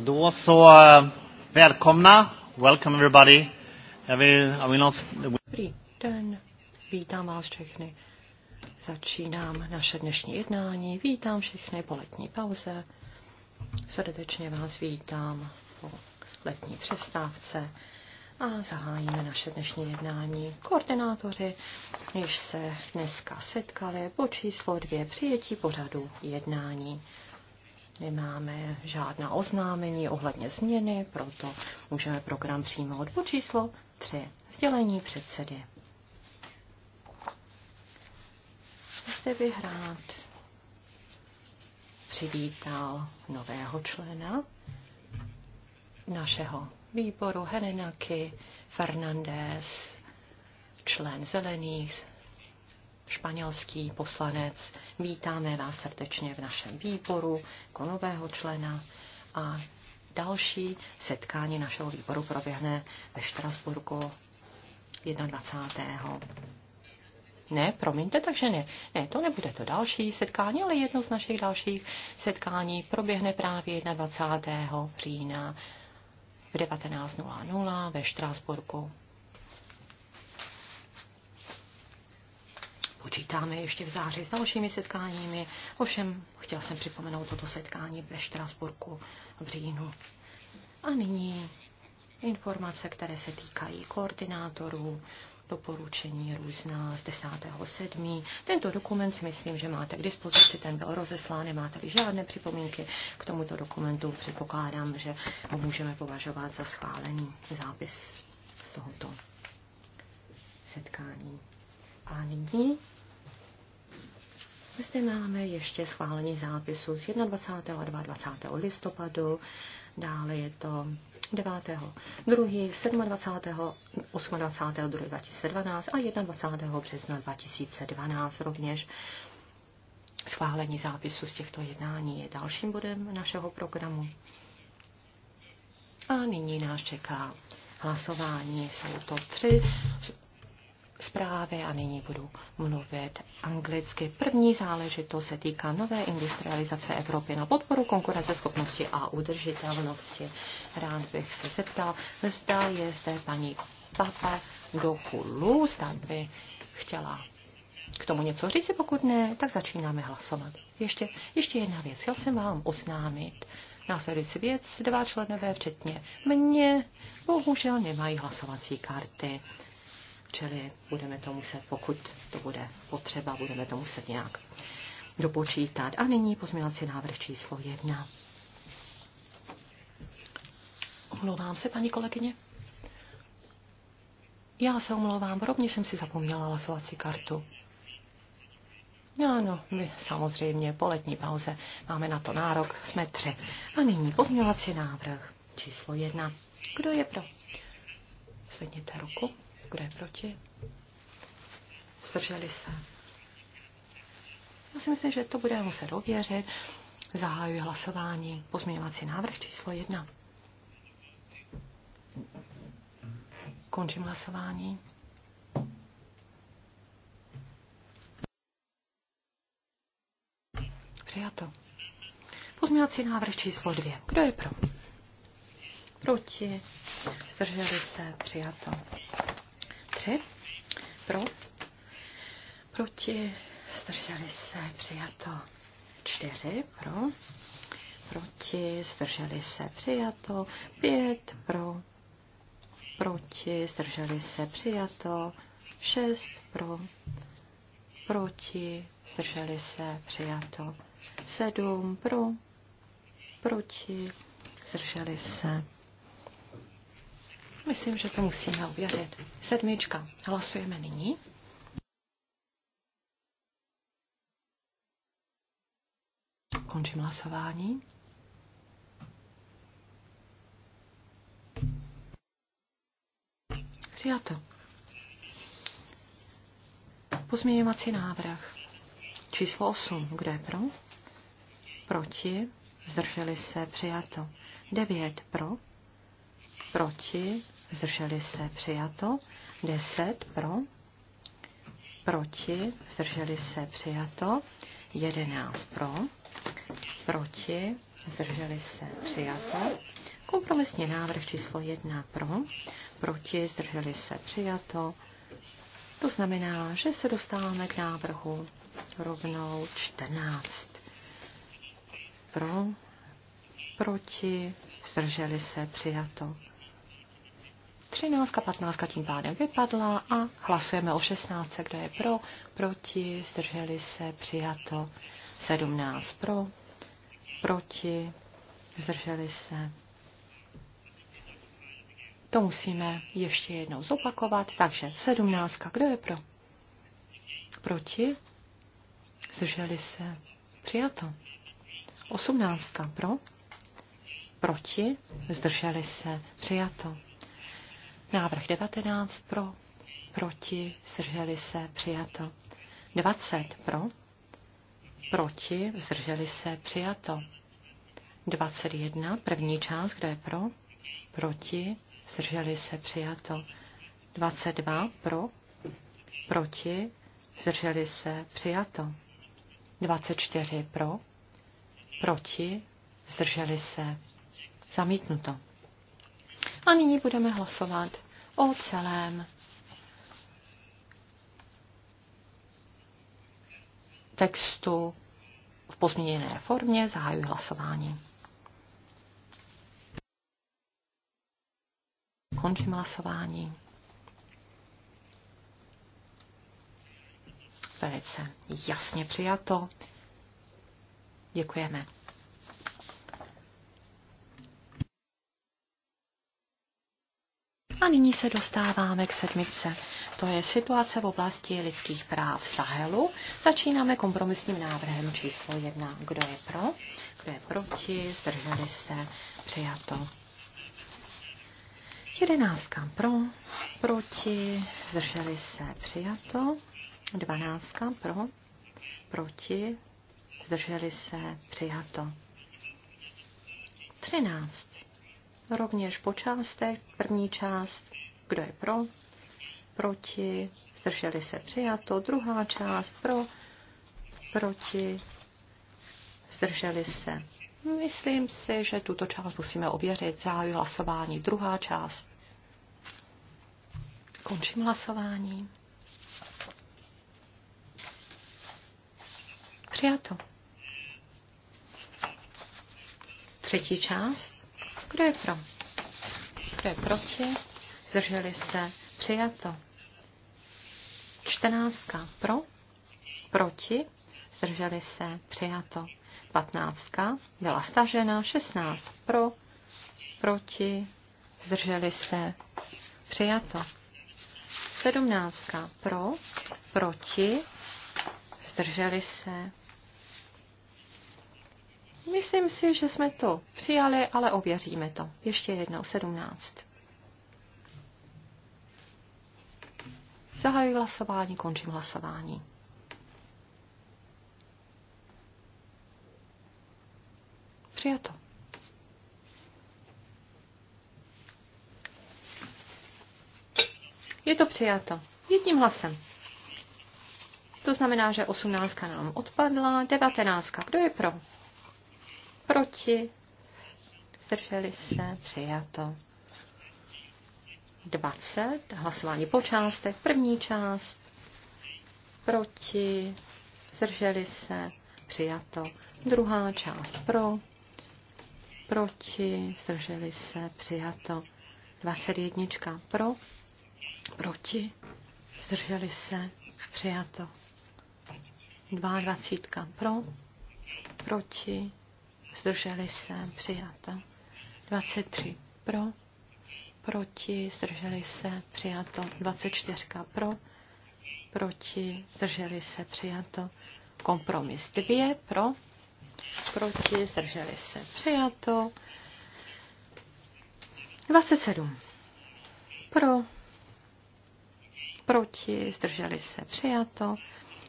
Då så, eh, välkomna. Welcome everybody. Jag vill, jag vill not... Dobrý den, vítám vás všechny. Začínám naše dnešní jednání. Vítám všechny po letní pauze. Srdečně vás vítám po letní přestávce a zahájíme naše dnešní jednání. Koordinátoři již se dneska setkali po číslo dvě přijetí pořadu jednání. Nemáme žádná oznámení ohledně změny, proto můžeme program přijmout po číslo 3. Sdělení předsedy. Zde bych rád přivítal nového člena našeho výboru Helenaky Fernandez, člen Zelených, španělský poslanec. Vítáme vás srdečně v našem výboru, konového jako člena a další setkání našeho výboru proběhne ve Štrasburgu 21. Ne, promiňte, takže ne. Ne, to nebude to další setkání, ale jedno z našich dalších setkání proběhne právě 21. října v 19.00 ve Štrásburku. počítáme ještě v září s dalšími setkáními. Ovšem, chtěl jsem připomenout toto setkání ve Štrasburku v říjnu. A nyní informace, které se týkají koordinátorů, doporučení různá z 10.7. Tento dokument si myslím, že máte k dispozici, ten byl rozeslán, nemáte-li žádné připomínky k tomuto dokumentu, předpokládám, že ho můžeme považovat za schválený zápis z tohoto setkání. A nyní zde máme ještě schválení zápisu z 21. a 22. listopadu, dále je to 9. 2. 27. 28. 22. 2012 a 21. března 2012 rovněž. Schválení zápisu z těchto jednání je dalším bodem našeho programu. A nyní nás čeká hlasování. Jsou to tři zprávy a nyní budu mluvit anglicky. První záležitost se týká nové industrializace Evropy na podporu konkurenceschopnosti a udržitelnosti. Rád bych se zeptal, zda je zde paní Papa Dokulu, zda by chtěla k tomu něco říct, pokud ne, tak začínáme hlasovat. Ještě, ještě jedna věc, chtěl jsem vám oznámit, následující věc, dva členové včetně mě, bohužel nemají hlasovací karty čili budeme to muset, pokud to bude potřeba, budeme to muset nějak dopočítat. A nyní pozměňovací návrh číslo jedna. Omlouvám se, paní kolegyně. Já se omlouvám, rovněž jsem si zapomněla hlasovací kartu. Ano, my samozřejmě po letní pauze máme na to nárok, jsme tři. A nyní pozměňovací návrh číslo jedna. Kdo je pro? Zvedněte ruku. Kdo je proti? Zdrželi se. Já si myslím, že to bude muset ověřit. Zahajuji hlasování. Pozměňovací návrh číslo jedna. Končím hlasování. Přijato. Pozměňovací návrh číslo dvě. Kdo je pro? Proti. Zdrželi se. Přijato. 3. Pro. Proti. Zdrželi se. Přijato. 4. Pro. Proti. Zdrželi se. Přijato. 5. Pro. Proti. Zdrželi se. Přijato. 6. Pro. Proti. Zdrželi se. Přijato. 7. Pro. Proti. Zdrželi se. Myslím, že to musíme ověřit. Sedmička. Hlasujeme nyní. Končím hlasování. Přijato. Pozměňovací návrh. Číslo 8. Kdo je pro? Proti. Zdrželi se. Přijato. 9 pro. Proti zdrželi se přijato, 10 pro, proti, zdrželi se přijato, 11 pro, proti, zdrželi se přijato, kompromisní návrh číslo 1 pro, proti, zdrželi se přijato, to znamená, že se dostáváme k návrhu rovnou 14. Pro, proti, zdrželi se přijato. 13 15 tím pádem vypadla a hlasujeme o 16, kdo je pro, proti, zdrželi se, přijato 17 pro, proti, zdrželi se. To musíme ještě jednou zopakovat, takže 17, kdo je pro, proti, zdrželi se, přijato 18 pro, proti, zdrželi se, přijato Návrh 19 pro, proti, zdrželi se, přijato. 20 pro, proti, zdrželi se, přijato. 21, první část, kdo je pro, proti, zdrželi se, přijato. 22 pro, proti, zdrželi se, přijato. 24 pro, proti, zdrželi se, zamítnuto. A nyní budeme hlasovat o celém textu v pozměněné formě. Zahajuji hlasování. Končím hlasování. Velice jasně přijato. Děkujeme. A nyní se dostáváme k sedmičce. To je situace v oblasti lidských práv Sahelu. Začínáme kompromisním návrhem číslo jedna. Kdo je pro? Kdo je proti? Zdrželi se? Přijato. Jedenáctka pro, proti, zdrželi se, přijato. Dvanáctka pro, proti, zdrželi se, přijato. Třináct rovněž po částech. První část, kdo je pro, proti, zdrželi se přijato. Druhá část pro, proti, zdrželi se. Myslím si, že tuto část musíme ověřit. Zahájí hlasování. Druhá část. Končím hlasování. Přijato. Třetí část. Kdo je pro? Kdo je proti? Zdrželi se. Přijato. Čtrnáctka pro, proti, zdrželi se, přijato. Patnáctka byla stažena, šestnáct pro, proti, zdrželi se, přijato. Sedmnáctka pro, proti, zdrželi se, Myslím si, že jsme to přijali, ale ověříme to. Ještě jednou, 17. Zahajuji hlasování, končím hlasování. Přijato. Je to přijato. Jedním hlasem. To znamená, že 18 nám odpadla, 19. Kdo je pro? Proti? Zdrželi se? Přijato. 20. Hlasování po částech. První část. Proti? Zdrželi se? Přijato. Druhá část pro. Proti? Zdrželi se? Přijato. 21. Pro? Proti? Zdrželi se? Přijato. 22 pro, proti, zdrželi se, přijato. 23 pro, proti, zdrželi se, přijato. 24 pro, proti, zdrželi se, přijato. Kompromis 2 pro, proti, zdrželi se, přijato. 27 pro, proti, zdrželi se, přijato.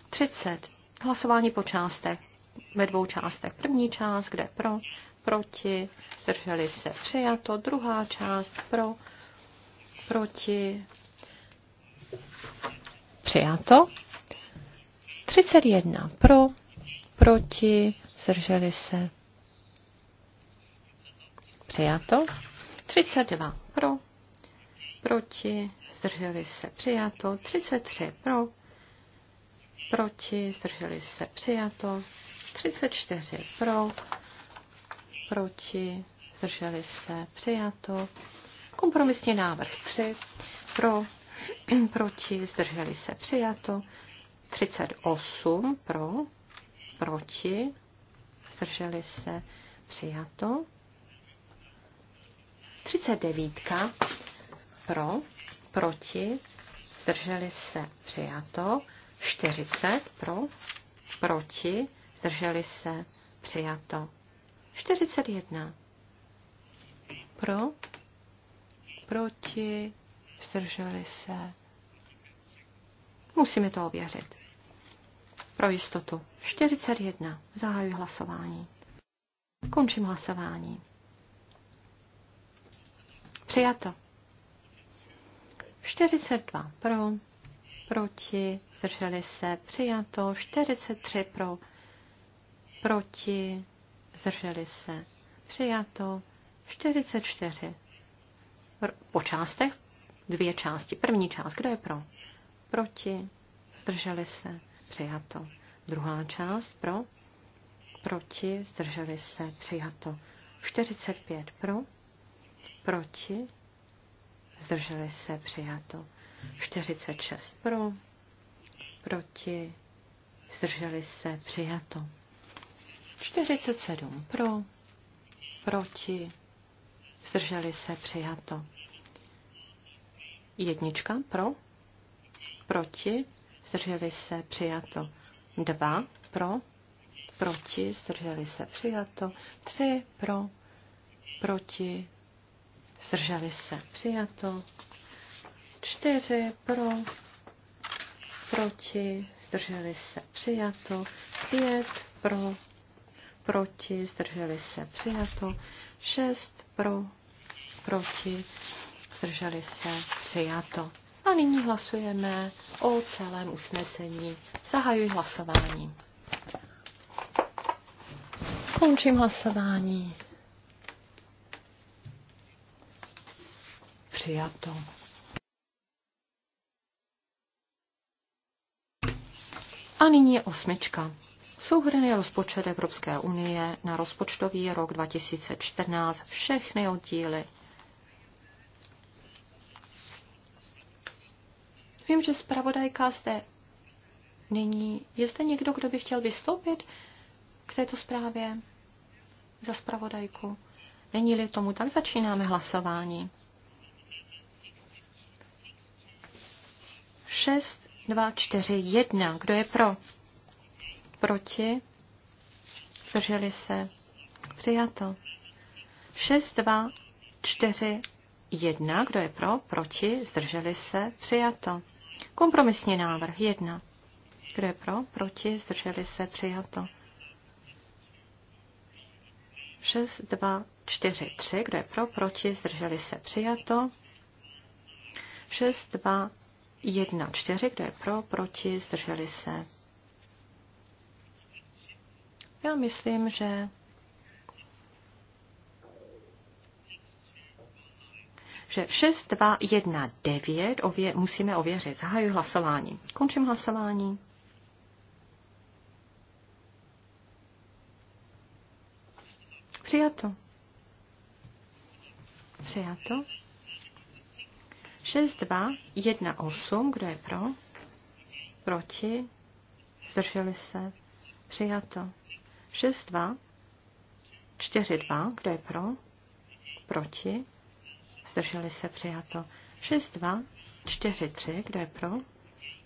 30 hlasování po částech ve dvou částech. První část, kde pro, proti, zdrželi se přijato. Druhá část pro, proti, přijato. 31 pro, proti, zdrželi se přijato. 32 pro, proti, zdrželi se přijato. 33 pro, proti, zdrželi se přijato. 34 pro, proti, zdrželi se, přijato. Kompromisní návrh 3 pro, proti, zdrželi se, přijato. 38 pro, proti, zdrželi se, přijato. 39 pro, proti, zdrželi se, přijato. 40 pro, proti, zdrželi se, přijato. 41. Pro, proti, zdrželi se. Musíme to ověřit. Pro jistotu. 41. Zahajuji hlasování. Končím hlasování. Přijato. 42 pro, proti, zdrželi se, přijato, 43 pro, proti, zdrželi se, přijato, 44. Po částech dvě části. První část, kdo je pro? Proti, zdrželi se, přijato. Druhá část pro, proti, zdrželi se, přijato. 45 pro, proti, zdrželi se, přijato. 46 pro, proti, zdrželi se, přijato. 47 pro, proti, zdrželi se, přijato. Jednička pro, proti, zdrželi se, přijato. Dva pro, proti, zdrželi se, přijato. Tři pro, proti, zdrželi se, přijato. Čtyři pro, proti, zdrželi se, přijato. Pět pro, proti, zdrželi se, přijato. 6 pro, proti, zdrželi se, přijato. A nyní hlasujeme o celém usnesení. Zahajuji hlasování. Končím hlasování. Přijato. A nyní je osmička. Souhrný rozpočet Evropské unie na rozpočtový rok 2014 všechny oddíly. Vím, že zpravodajka zde není. Je zde někdo, kdo by chtěl vystoupit k této zprávě za zpravodajku? Není-li tomu, tak začínáme hlasování. 6, 2, 4, 1. Kdo je pro? proti, zdrželi se, přijato. 6, 2, 4, 1, kdo je pro, proti, zdrželi se, přijato. Kompromisní návrh 1, kdo je pro, proti, zdrželi se, přijato. 6, 2, 4, 3, kdo je pro, proti, zdrželi se, přijato. 6, 2, 1, 4, kdo je pro, proti, zdrželi se, já myslím, že že 9 ově, musíme ověřit. Zahajuji hlasování. Končím hlasování. Přijato. Přijato. 8. kdo je pro? Proti? Zdrželi se? Přijato. 6-2, 4-2, kdo je pro, proti, zdrželi se přijato. 6-2, 4-3, kdo je pro,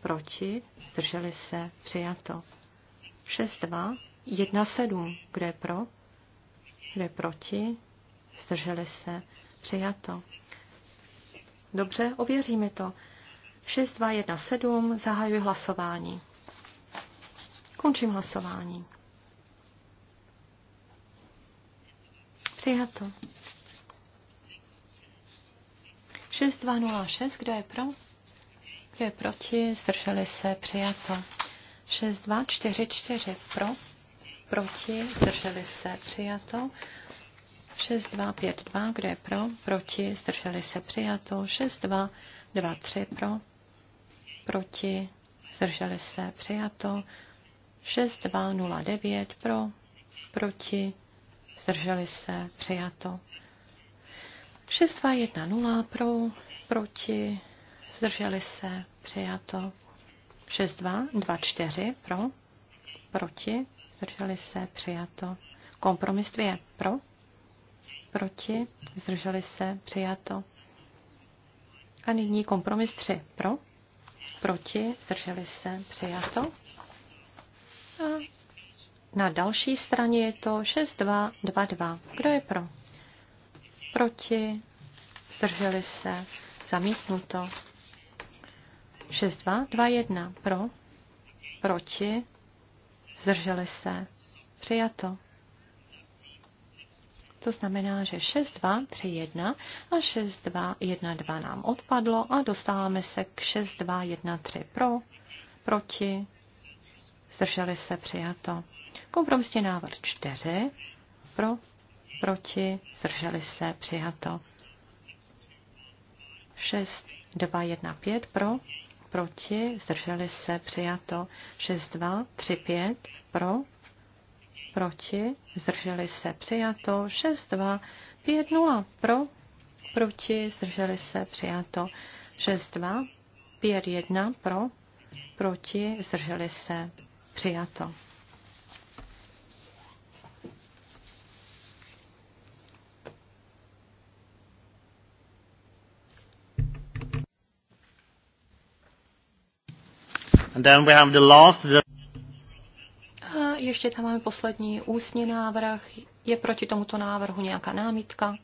proti, zdrželi se přijato. 6-2, 1-7, kdo je pro, kdo je proti, zdrželi se přijato. Dobře, ověříme to. 6, 2, 1, 7, zahajuji hlasování. Končím hlasování. Přijato. 6206, kdo je pro? Kdo je proti? Zdrželi se, přijato. 6244 pro, proti, zdrželi se, přijato. 6252, kdo je pro? Proti, zdrželi se, přijato. 6223 pro, proti, zdrželi se, přijato. 6209 pro, proti, zdrželi se, přijato. 0, pro, proti, zdrželi se, přijato. 4, pro, proti, zdrželi se, přijato. Kompromis 2 pro, proti, zdrželi se, přijato. A nyní kompromis 3 pro, proti, zdrželi se, přijato. A na další straně je to 6222. Kdo je pro? Proti? Zdrželi se? Zamítnuto. 6221. Pro? Proti? Zdrželi se? Přijato. To znamená, že 6231 a 6212 nám odpadlo a dostáváme se k 6213 pro, proti, zdrželi se přijato. Kompromisní návrh 4 pro, proti, zdrželi se, přijato. 6, 2, 1, 5 pro, proti, zdrželi se, přijato. 6, 2, 3, 5 pro, proti, zdrželi se, přijato. 6, 2, 5, 0 pro, proti, zdrželi se, přijato. 6, 2, 5, 1 pro, proti, zdrželi se, přijato. And then we have the last... A ještě tam máme poslední ústní návrh. Je proti tomuto návrhu nějaká námitka?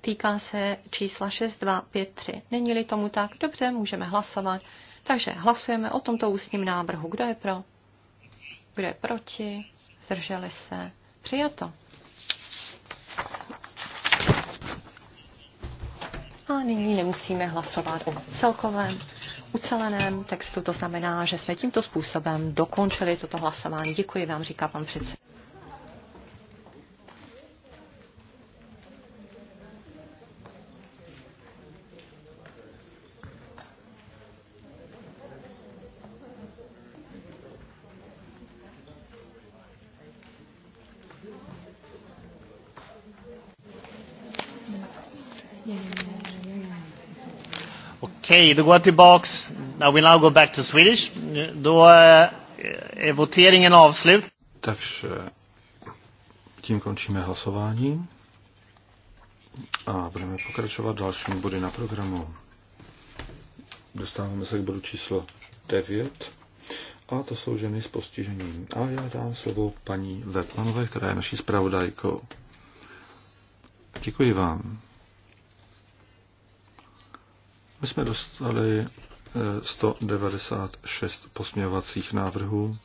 Týká se čísla 6253. Není-li tomu tak, dobře, můžeme hlasovat. Takže hlasujeme o tomto ústním návrhu. Kdo je pro? Kdo je proti? Zdrželi se? Přijato. A nyní nemusíme hlasovat o celkovém uceleném textu. To znamená, že jsme tímto způsobem dokončili toto hlasování. Děkuji vám, říká pan předseda. Okej, okay, då går jag tillbaks. I will now go back to Swedish. Då eh, är voteringen avslut. Takže tím končíme hlasování a budeme pokračovat dalšími body na programu. Dostáváme se k bodu číslo 9 a to jsou ženy s postižením. A já dám slovo paní Vetlanové, která je naší zpravodajkou. Děkuji vám. My jsme dostali 196 eh, posměvacích návrhů.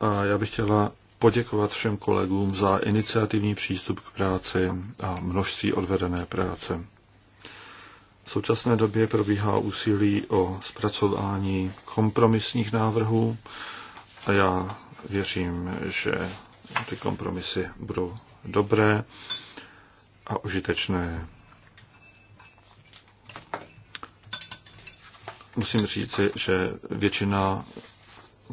A já bych chtěla poděkovat všem kolegům za iniciativní přístup k práci a množství odvedené práce. V současné době probíhá úsilí o zpracování kompromisních návrhů a já věřím, že ty kompromisy budou dobré a užitečné. Musím říci, že většina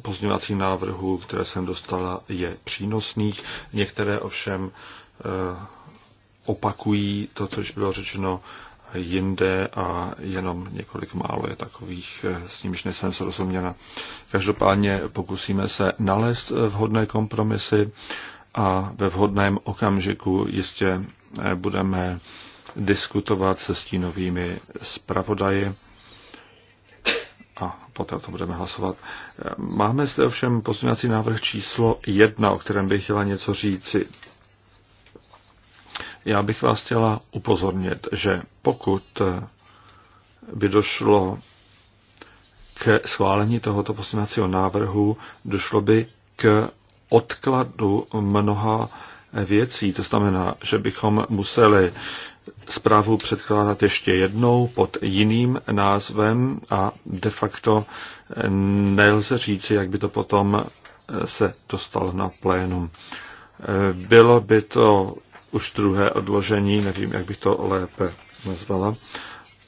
pozměňovacích návrhů, které jsem dostala, je přínosných. Některé ovšem eh, opakují to, co už bylo řečeno jinde a jenom několik málo je takových, eh, s nimiž nejsem srozuměna. Každopádně pokusíme se nalézt eh, vhodné kompromisy a ve vhodném okamžiku jistě budeme diskutovat se stínovými zpravodaji a poté o tom budeme hlasovat. Máme zde ovšem pozměňovací návrh číslo jedna, o kterém bych chtěla něco říci. Já bych vás chtěla upozornit, že pokud by došlo k schválení tohoto pozměňovacího návrhu, došlo by k odkladu mnoha věcí. To znamená, že bychom museli zprávu předkládat ještě jednou pod jiným názvem a de facto nelze říci, jak by to potom se dostalo na plénum. Bylo by to už druhé odložení, nevím, jak bych to lépe nazvala.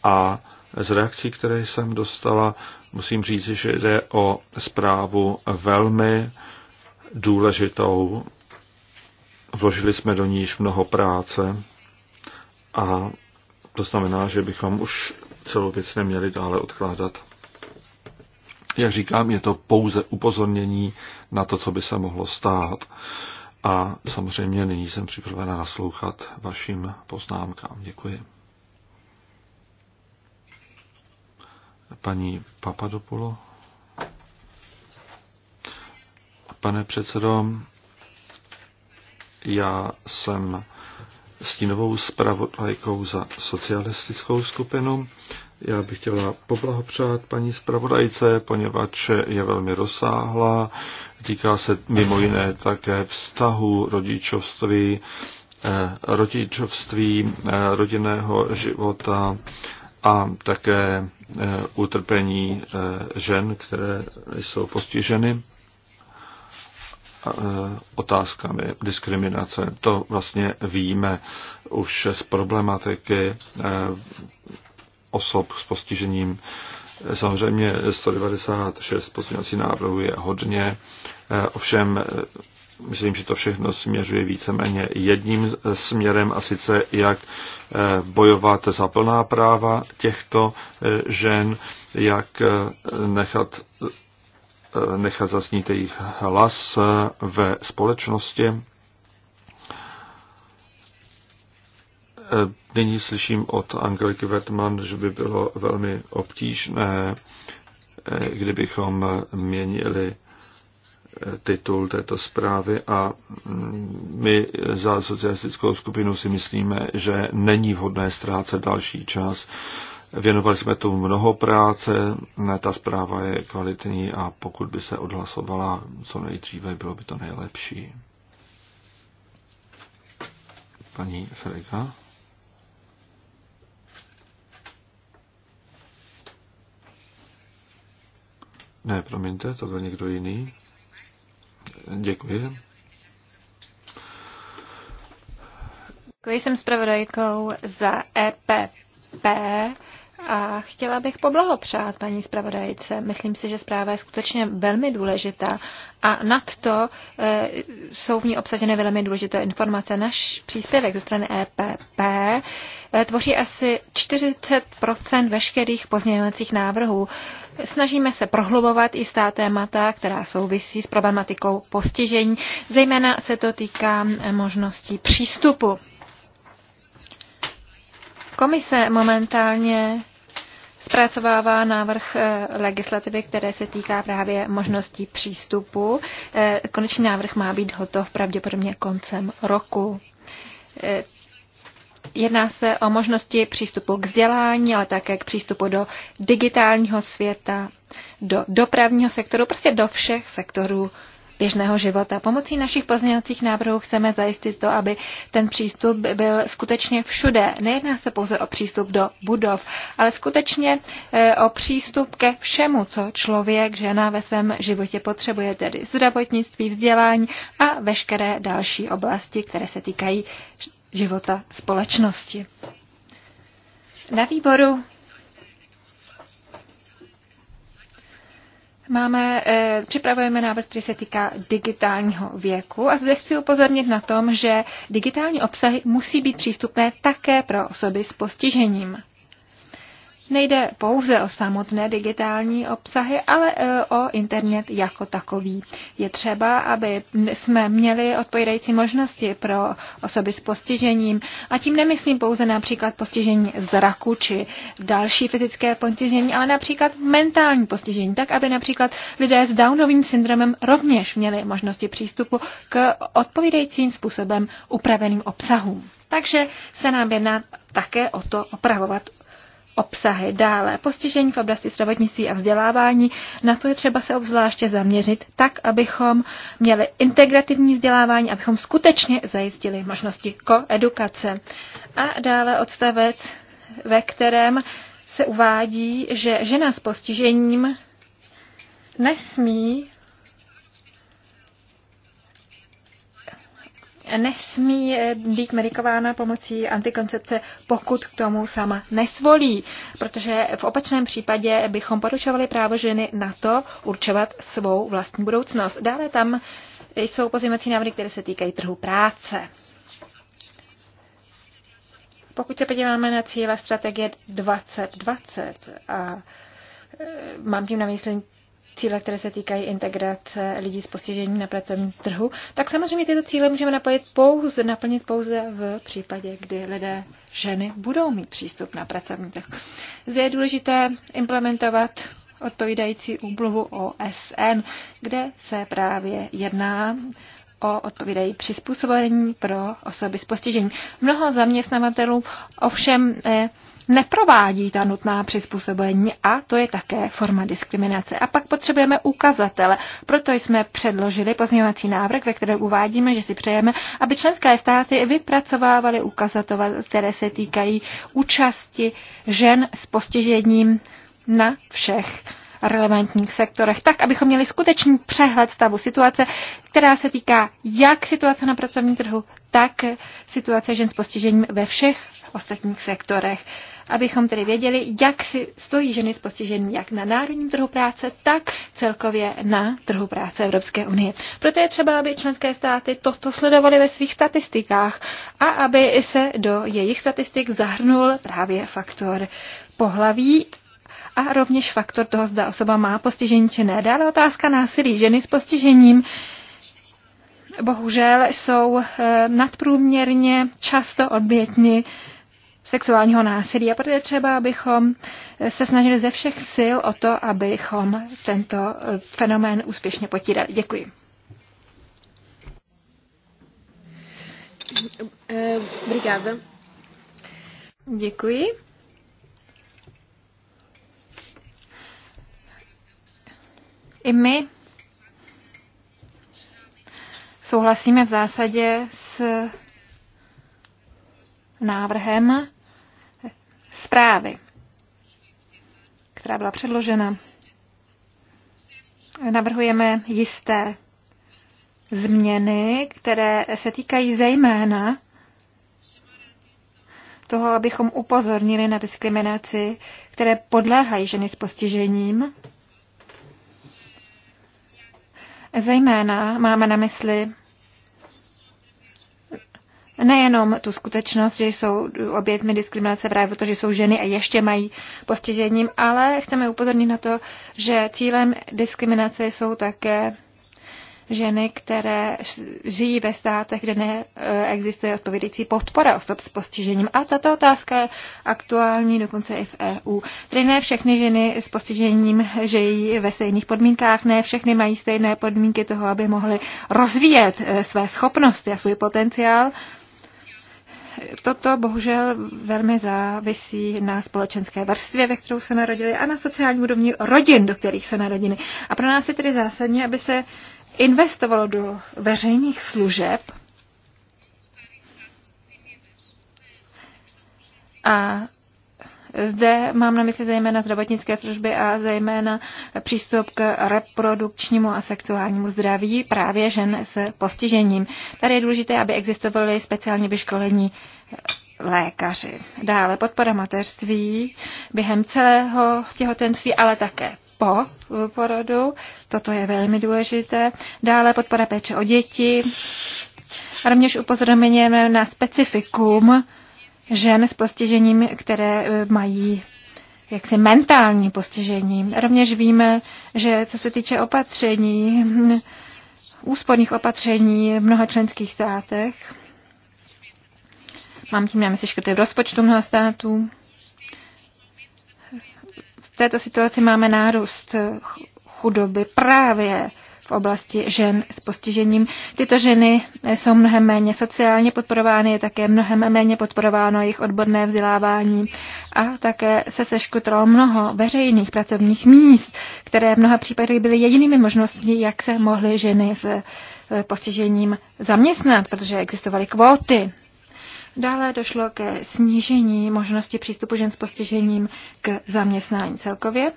A z reakcí, které jsem dostala, musím říct, že jde o zprávu velmi důležitou Vložili jsme do ní již mnoho práce a to znamená, že bychom už celou věc neměli dále odkládat. Jak říkám, je to pouze upozornění na to, co by se mohlo stát. A samozřejmě nyní jsem připravena naslouchat vašim poznámkám. Děkuji. Paní Papadopulo. Pane předsedo, já jsem stínovou zpravodajkou za socialistickou skupinu. Já bych chtěla poblahopřát paní zpravodajce, poněvadž je velmi rozsáhlá. Týká se mimo jiné také vztahu rodičovství, eh, rodičovství, eh, rodinného života a také eh, utrpení žen, které jsou postiženy. E, otázkami diskriminace. To vlastně víme už z problematiky e, osob s postižením. Samozřejmě 196 pozměňovací návrhů je hodně, e, ovšem myslím, že to všechno směřuje víceméně jedním směrem a sice jak bojovat za plná práva těchto žen, jak nechat Eh, nechat zaznít jejich hlas eh, ve společnosti. Eh, nyní slyším od Angeliky Wertmann, že by bylo velmi obtížné, kdybychom měnili titul této zprávy a mm, my za socialistickou skupinu si myslíme, že není vhodné ztrácet další čas Věnovali jsme tomu mnoho práce, ta zpráva je kvalitní a pokud by se odhlasovala co nejdříve, bylo by to nejlepší. Paní Frega. Ne, promiňte, to byl někdo jiný. Děkuji. Děkuji, jsem zpravodajkou za EPP a chtěla bych poblahopřát paní zpravodajce. Myslím si, že zpráva je skutečně velmi důležitá a nad to e, jsou v ní obsaženy velmi důležité informace. Náš příspěvek ze strany EPP e, eh, tvoří asi 40 veškerých pozměňovacích návrhů. Snažíme se prohlubovat i stá témata, která souvisí s problematikou postižení. Zejména se to týká eh, možností přístupu komise momentálně zpracovává návrh eh, legislativy, které se týká právě možností přístupu. Eh, konečný návrh má být hotov pravděpodobně koncem roku. Eh, jedná se o možnosti přístupu k vzdělání, ale také k přístupu do digitálního světa, do dopravního sektoru, prostě do všech sektorů běžného života. Pomocí našich pozměňovacích návrhů chceme zajistit to, aby ten přístup byl skutečně všude. Nejedná se pouze o přístup do budov, ale skutečně eh, o přístup ke všemu, co člověk, žena ve svém životě potřebuje, tedy zdravotnictví, vzdělání a veškeré další oblasti, které se týkají života společnosti. Na výboru Máme, eh, připravujeme návrh, který se týká digitálního věku a zde chci upozornit na tom, že digitální obsahy musí být přístupné také pro osoby s postižením. Nejde pouze o samotné digitální obsahy, ale e, o internet jako takový. Je třeba, aby jsme měli odpovídající možnosti pro osoby s postižením. A tím nemyslím pouze například postižení zraku či další fyzické postižení, ale například mentální postižení, tak aby například lidé s Downovým syndromem rovněž měli možnosti přístupu k odpovídajícím způsobem upraveným obsahům. Takže se nám jedná také o to opravovat obsahy. Dále postižení v oblasti zdravotnictví a vzdělávání. Na to je třeba se obzvláště zaměřit tak, abychom měli integrativní vzdělávání, abychom skutečně zajistili možnosti koedukace. A dále odstavec, ve kterém se uvádí, že žena s postižením nesmí nesmí eh, být medikována pomocí antikoncepce, pokud k tomu sama nesvolí, protože v opačném případě bychom porušovali právo ženy na to určovat svou vlastní budoucnost. Dále tam jsou pozimací návrhy, které se týkají trhu práce. Pokud se podíváme na cíle strategie 2020 a eh, mám tím na mysli cíle, které se týkají integrace lidí s postižením na pracovním trhu, tak samozřejmě tyto cíle můžeme naplnit pouze, naplnit pouze v případě, kdy lidé, ženy budou mít přístup na pracovní trh. Zde je důležité implementovat odpovídající úmluvu OSN, kde se právě jedná o odpovídají přizpůsobení pro osoby s postižením. Mnoho zaměstnavatelů ovšem eh, neprovádí ta nutná přizpůsobení a to je také forma diskriminace. A pak potřebujeme ukazatele. Proto jsme předložili pozměňovací návrh, ve kterém uvádíme, že si přejeme, aby členské státy vypracovávaly ukazatele, které se týkají účasti žen s postižením na všech relevantních sektorech, tak, abychom měli skutečný přehled stavu situace, která se týká jak situace na pracovním trhu, tak situace žen s postižením ve všech ostatních sektorech. Abychom tedy věděli, jak si stojí ženy s postižením jak na národním trhu práce, tak celkově na trhu práce Evropské unie. Proto je třeba, aby členské státy toto sledovaly ve svých statistikách a aby se do jejich statistik zahrnul právě faktor pohlaví a rovněž faktor toho, zda osoba má postižení či ne. Dále otázka násilí ženy s postižením bohužel jsou eh, nadprůměrně často obětmi sexuálního násilí. A proto je třeba, abychom eh, se snažili ze všech sil o to, abychom tento eh, fenomén úspěšně potírali. Děkuji. Brigáda. Děkuji. I my Souhlasíme v zásadě s návrhem zprávy, která byla předložena. Navrhujeme jisté změny, které se týkají zejména toho, abychom upozornili na diskriminaci, které podléhají ženy s postižením. Zejména máme na mysli nejenom tu skutečnost, že jsou obětmi diskriminace právě proto, že jsou ženy a ještě mají postižením, ale chceme upozornit na to, že cílem diskriminace jsou také ženy, které žijí ve státech, kde neexistuje odpovědící podpora osob s postižením. A tato otázka je aktuální dokonce i v EU. Tedy ne všechny ženy s postižením žijí ve stejných podmínkách, ne všechny mají stejné podmínky toho, aby mohly rozvíjet eh, své schopnosti a svůj potenciál toto bohužel velmi závisí na společenské vrstvě, ve kterou se narodili, a na sociální úrovni rodin, do kterých se narodili. A pro nás je tedy zásadní, aby se investovalo do veřejných služeb a zde mám na mysli zejména zdravotnické služby a zejména přístup k reprodukčnímu a sexuálnímu zdraví právě žen s postižením. Tady je důležité, aby existovaly speciálně vyškolení lékaři. Dále podpora mateřství během celého těhotenství, ale také po porodu. Toto je velmi důležité. Dále podpora péče o děti. A rovněž upozorňujeme na specifikum žen s postižením, které e, mají jaksi mentální postižení. Rovněž víme, že co se týče opatření, úsporných opatření v mnoha členských státech, mám tím na mysli škrty v rozpočtu mnoha států, v této situaci máme nárůst chudoby právě oblasti žen s postižením. Tyto ženy jsou mnohem méně sociálně podporovány, je také mnohem méně podporováno jejich odborné vzdělávání a také se seškutralo mnoho veřejných pracovních míst, které v mnoha případech byly jedinými možnostmi, jak se mohly ženy s e, postižením zaměstnat, protože existovaly kvóty. Dále došlo ke snížení možnosti přístupu žen s postižením k zaměstnání celkově.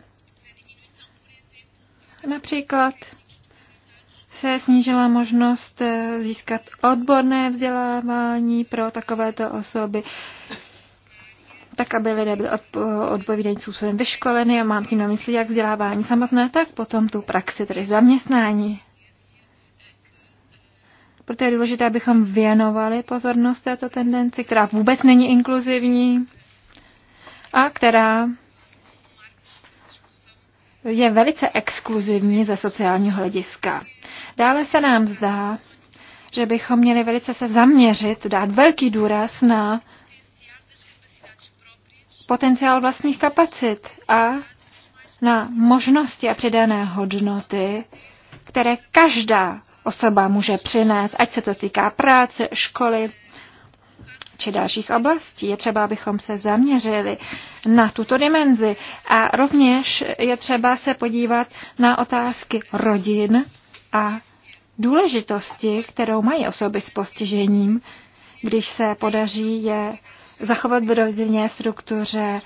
Například se snížila možnost eh, získat odborné vzdělávání pro takovéto osoby, tak aby lidé byli odpovídajícím způsobem vyškoleny a mám tím na mysli jak vzdělávání samotné, tak potom tu praxi, tedy zaměstnání. Proto je důležité, abychom věnovali pozornost této tendenci, která vůbec není inkluzivní a která je velice exkluzivní ze sociálního hlediska. Dále se nám zdá, že bychom měli velice se zaměřit, dát velký důraz na potenciál vlastních kapacit a na možnosti a přidané hodnoty, které každá osoba může přinést, ať se to týká práce, školy či dalších oblastí. Je třeba, abychom se zaměřili na tuto dimenzi a rovněž je třeba se podívat na otázky rodin a důležitosti, kterou mají osoby s postižením, když se podaří je zachovat v rodinné struktuře,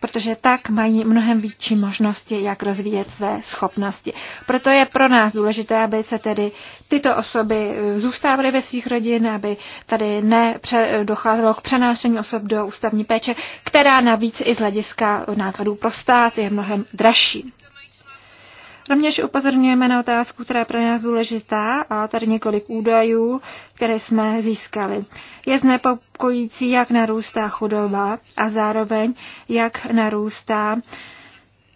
protože tak mají mnohem větší možnosti, jak rozvíjet své schopnosti. Proto je pro nás důležité, aby se tedy tyto osoby eh, zůstávaly ve svých rodin, aby tady nedocházelo k přenášení osob do ústavní péče, která navíc i z hlediska nákladů pro stát je mnohem dražší. Rovněž upozorňujeme na otázku, která je pro nás důležitá, a tady několik údajů, které jsme získali. Je znepokojící, jak narůstá chudoba a zároveň, jak narůstá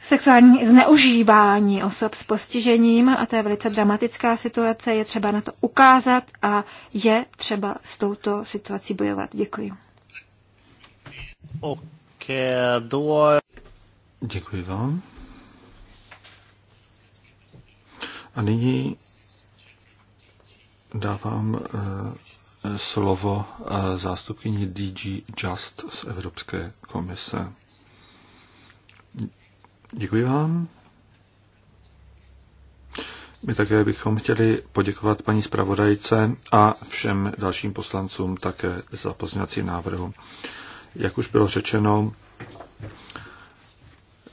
sexuální zneužívání osob s postižením a to je velice dramatická situace, je třeba na to ukázat a je třeba s touto situací bojovat. Děkuji. Okay, do... Děkuji vám. A nyní dávám eh, slovo eh, zástupkyni DG Just z Evropské komise. Děkuji vám. My také bychom chtěli poděkovat paní zpravodajce a všem dalším poslancům také za pozměňovací návrhu. Jak už bylo řečeno,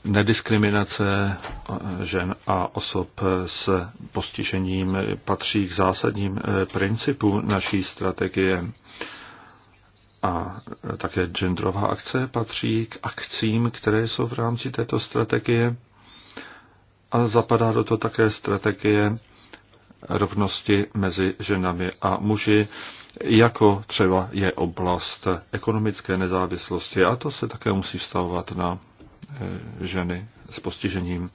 Nediskriminace žen a osob s postižením patří k zásadním eh, principům naší strategie. A také genderová akce patří k akcím, které jsou v rámci této strategie. A zapadá do toho také strategie rovnosti mezi ženami a muži, jako třeba je oblast ekonomické nezávislosti. A to se také musí vztahovat na Eh, ženy s postižením.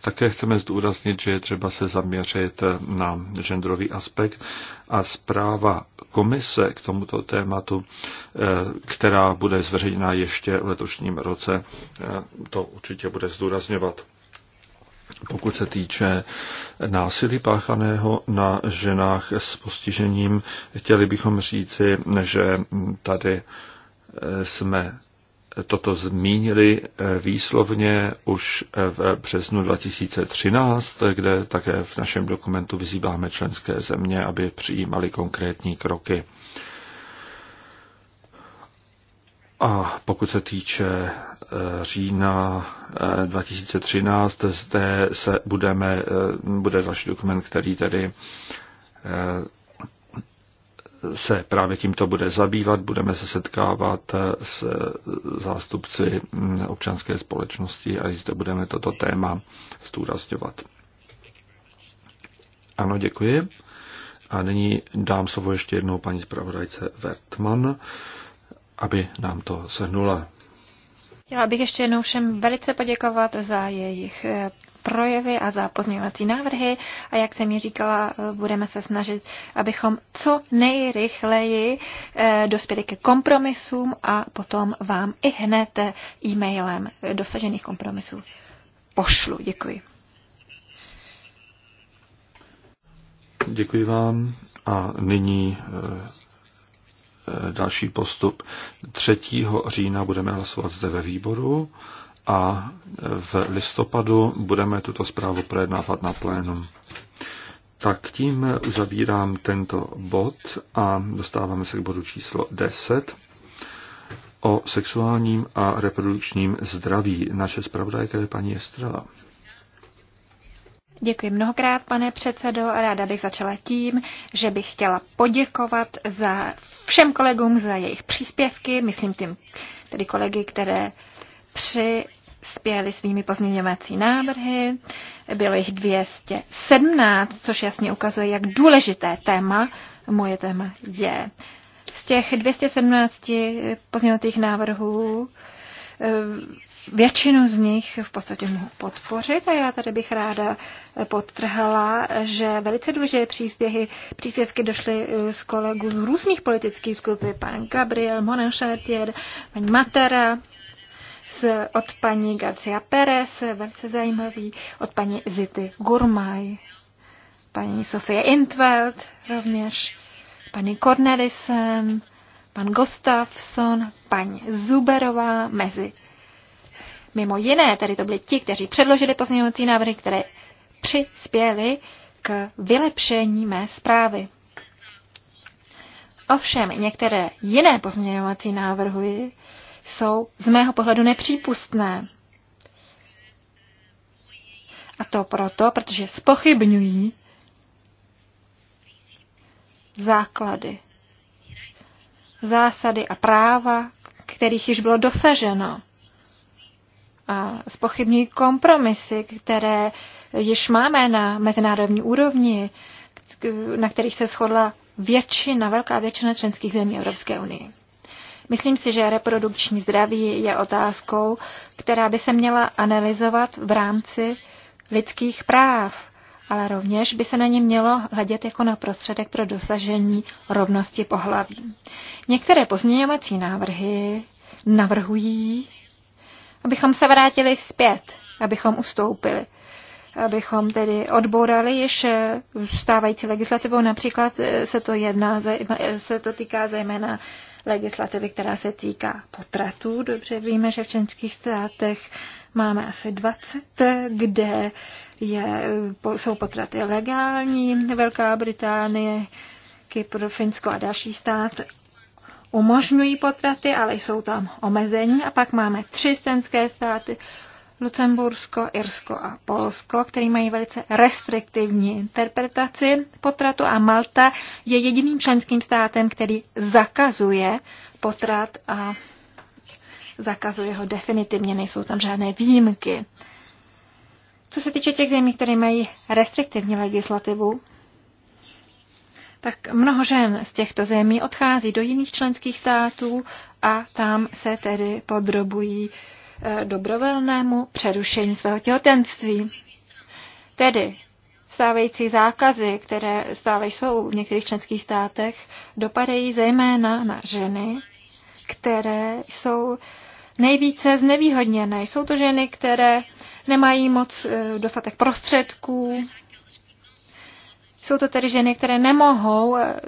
Také chceme zdůraznit, že je třeba se zaměřit na genderový aspekt a zpráva komise k tomuto tématu, eh, která bude zveřejněna ještě v letošním roce, eh, to určitě bude zdůrazňovat. Pokud se týče násilí páchaného na ženách s postižením, chtěli bychom říci, že tady jsme toto zmínili eh, výslovně už eh, v březnu 2013, kde také v našem dokumentu vyzýváme členské země, aby přijímali konkrétní kroky. A pokud se týče eh, října 2013, zde se budeme, bude další dokument, který tedy se právě tímto bude zabývat. Budeme se setkávat s zástupci občanské společnosti a zde budeme toto téma zdůrazňovat. Ano, děkuji. A nyní dám slovo ještě jednou paní zpravodajce Vertman, aby nám to sehnula. Já bych ještě jednou všem velice poděkovat za jejich projevy a za pozměňovací návrhy a jak jsem ji říkala, eh, budeme se snažit, abychom co nejrychleji eh, dospěli ke kompromisům a potom vám i hned eh, e-mailem dosažených kompromisů pošlu. Děkuji. Děkuji vám a nyní další postup. 3. října budeme hlasovat zde ve výboru a v listopadu budeme tuto zprávu projednávat na plénum. Tak tím uzavírám tento bod a dostáváme se k bodu číslo 10 o sexuálním a reprodukčním zdraví. Naše zpravodajka je paní Estrela. Děkuji mnohokrát, pane předsedo. Ráda bych začala tím, že bych chtěla poděkovat za všem kolegům za jejich příspěvky, myslím tím tedy kolegy, které při spěli svými pozměňovací návrhy. Bylo jich 217, což jasně ukazuje, jak důležité téma moje téma je. Z těch 217 pozměňovacích návrhů eh, Většinu z nich v podstatě mohu podpořit a já tady bych ráda podtrhla, že velice důležité příspěvky, příspěvky došly eh, z kolegů z různých politických skupin, pan Gabriel, Monen Chartier, paní Matera, od paní Garcia Perez, velice zajímavý, od paní Zity Gurmaj, paní Sofie Intveld rovněž, paní Cornelisen, pan Gustafsson, paní Zuberová mezi. Mimo jiné, tedy to byli ti, kteří předložili pozměňovací návrhy, které přispěly k vylepšení mé zprávy. Ovšem některé jiné pozměňovací návrhy jsou z mého pohledu nepřípustné. A to proto, protože spochybňují základy, zásady a práva, kterých již bylo dosaženo. A spochybňují kompromisy, které již máme na mezinárodní úrovni, na kterých se shodla většina, velká většina členských zemí Evropské unie. Myslím si, že reprodukční zdraví je otázkou, která by se měla analyzovat v rámci lidských práv, ale rovněž by se na ně mělo hledět jako na prostředek pro dosažení rovnosti pohlaví. Některé pozměňovací návrhy navrhují, abychom se vrátili zpět, abychom ustoupili abychom tedy odbourali již stávající legislativou. Například se to, jedná, se to týká zejména legislativy, která se týká potratů. Dobře víme, že v členských státech máme asi 20, kde je, jsou potraty legální. Velká Británie, Kypr, Finsko a další stát umožňují potraty, ale jsou tam omezení. A pak máme tři stenské státy, Lucembursko, Irsko a Polsko, který mají velice restriktivní interpretaci potratu a Malta je jediným členským státem, který zakazuje potrat a zakazuje ho definitivně, nejsou tam žádné výjimky. Co se týče těch zemí, které mají restriktivní legislativu, tak mnoho žen z těchto zemí odchází do jiných členských států a tam se tedy podrobují uh, dobrovolnému přerušení svého těhotenství. Tedy stávající zákazy, které stále jsou v některých členských státech, dopadají zejména na ženy, které jsou nejvíce znevýhodněné. Jsou to ženy, které nemají moc eh, dostatek prostředků. Jsou to tedy ženy, které nemohou eh,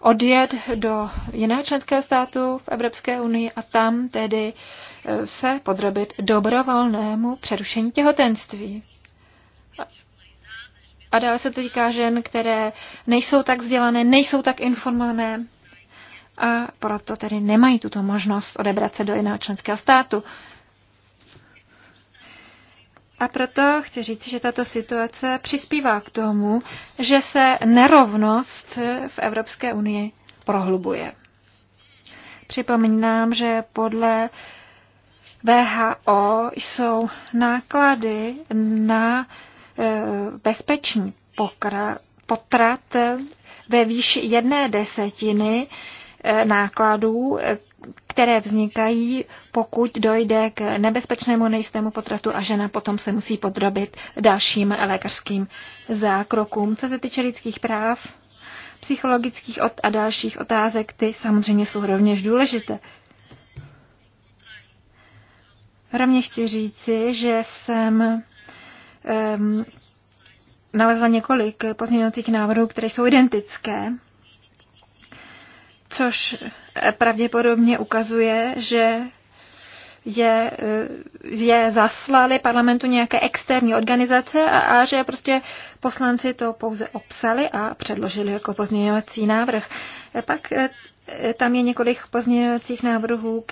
odjet do jiného členského státu v Evropské unii a tam tedy e, se podrobit dobrovolnému přerušení těhotenství. A dále se to týká žen, které nejsou tak vzdělané, nejsou tak informované a proto tedy nemají tuto možnost odebrat se do jiného členského státu. A proto chci říct, že tato situace přispívá k tomu, že se nerovnost v Evropské unii prohlubuje. Připomínám, že podle VHO jsou náklady na e, bezpečný pokra, potrat ve výši jedné desetiny e, nákladů, které vznikají, pokud dojde k nebezpečnému nejistému potratu a žena potom se musí podrobit dalším lékařským zákrokům. Co se týče lidských práv, psychologických a dalších otázek, ty samozřejmě jsou rovněž důležité. Rovněž chci říci, že jsem um, nalezla několik pozměňovacích návrhů, které jsou identické, což pravděpodobně ukazuje, že je, je zaslali parlamentu nějaké externí organizace a, a že prostě poslanci to pouze obsali a předložili jako pozměňovací návrh. Pak eh, tam je několik pozměňovacích návrhů,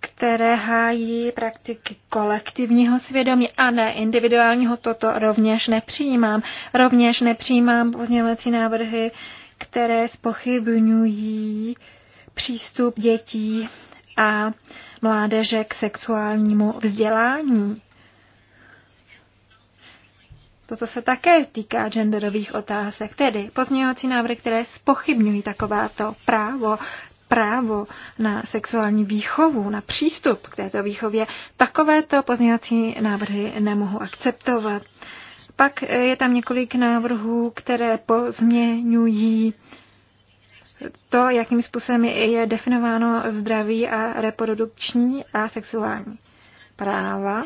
které hájí praktiky kolektivního svědomí a ne individuálního. Toto rovněž nepřijímám. Rovněž nepřijímám pozměňovací návrhy, které spochybňují přístup dětí a mládeže k sexuálnímu vzdělání. Toto se také týká genderových otázek, tedy pozměňovací návrhy, které spochybňují takováto právo, právo na sexuální výchovu, na přístup k této výchově, takovéto pozměňovací návrhy nemohu akceptovat. Pak je tam několik návrhů, které pozměňují to, jakým způsobem je definováno zdraví a reprodukční a sexuální práva.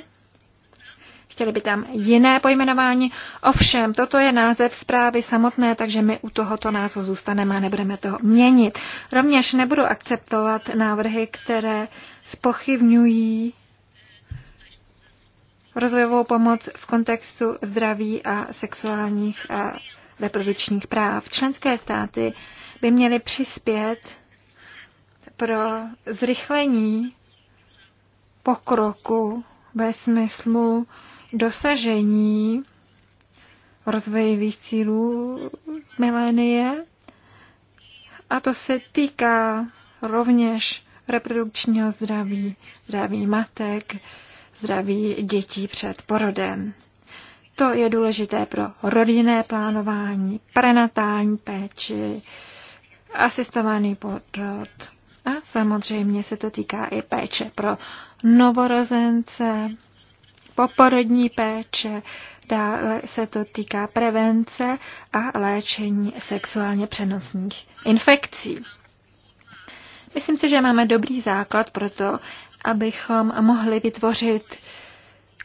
Chtěli by tam jiné pojmenování. Ovšem, toto je název zprávy samotné, takže my u tohoto názvu zůstaneme a nebudeme toho měnit. Rovněž nebudu akceptovat návrhy, které spochybňují rozvojovou pomoc v kontextu zdraví a sexuálních a reprodukčních práv. Členské státy by měly přispět pro zrychlení pokroku ve smyslu dosažení rozvojových cílů milénie. A to se týká rovněž reprodukčního zdraví, zdraví matek, zdraví dětí před porodem. To je důležité pro rodinné plánování, prenatální péči, asistovaný porod a samozřejmě se to týká i péče pro novorozence, poporodní péče, dále se to týká prevence a léčení sexuálně přenosných infekcí. Myslím si, že máme dobrý základ pro to, abychom mohli vytvořit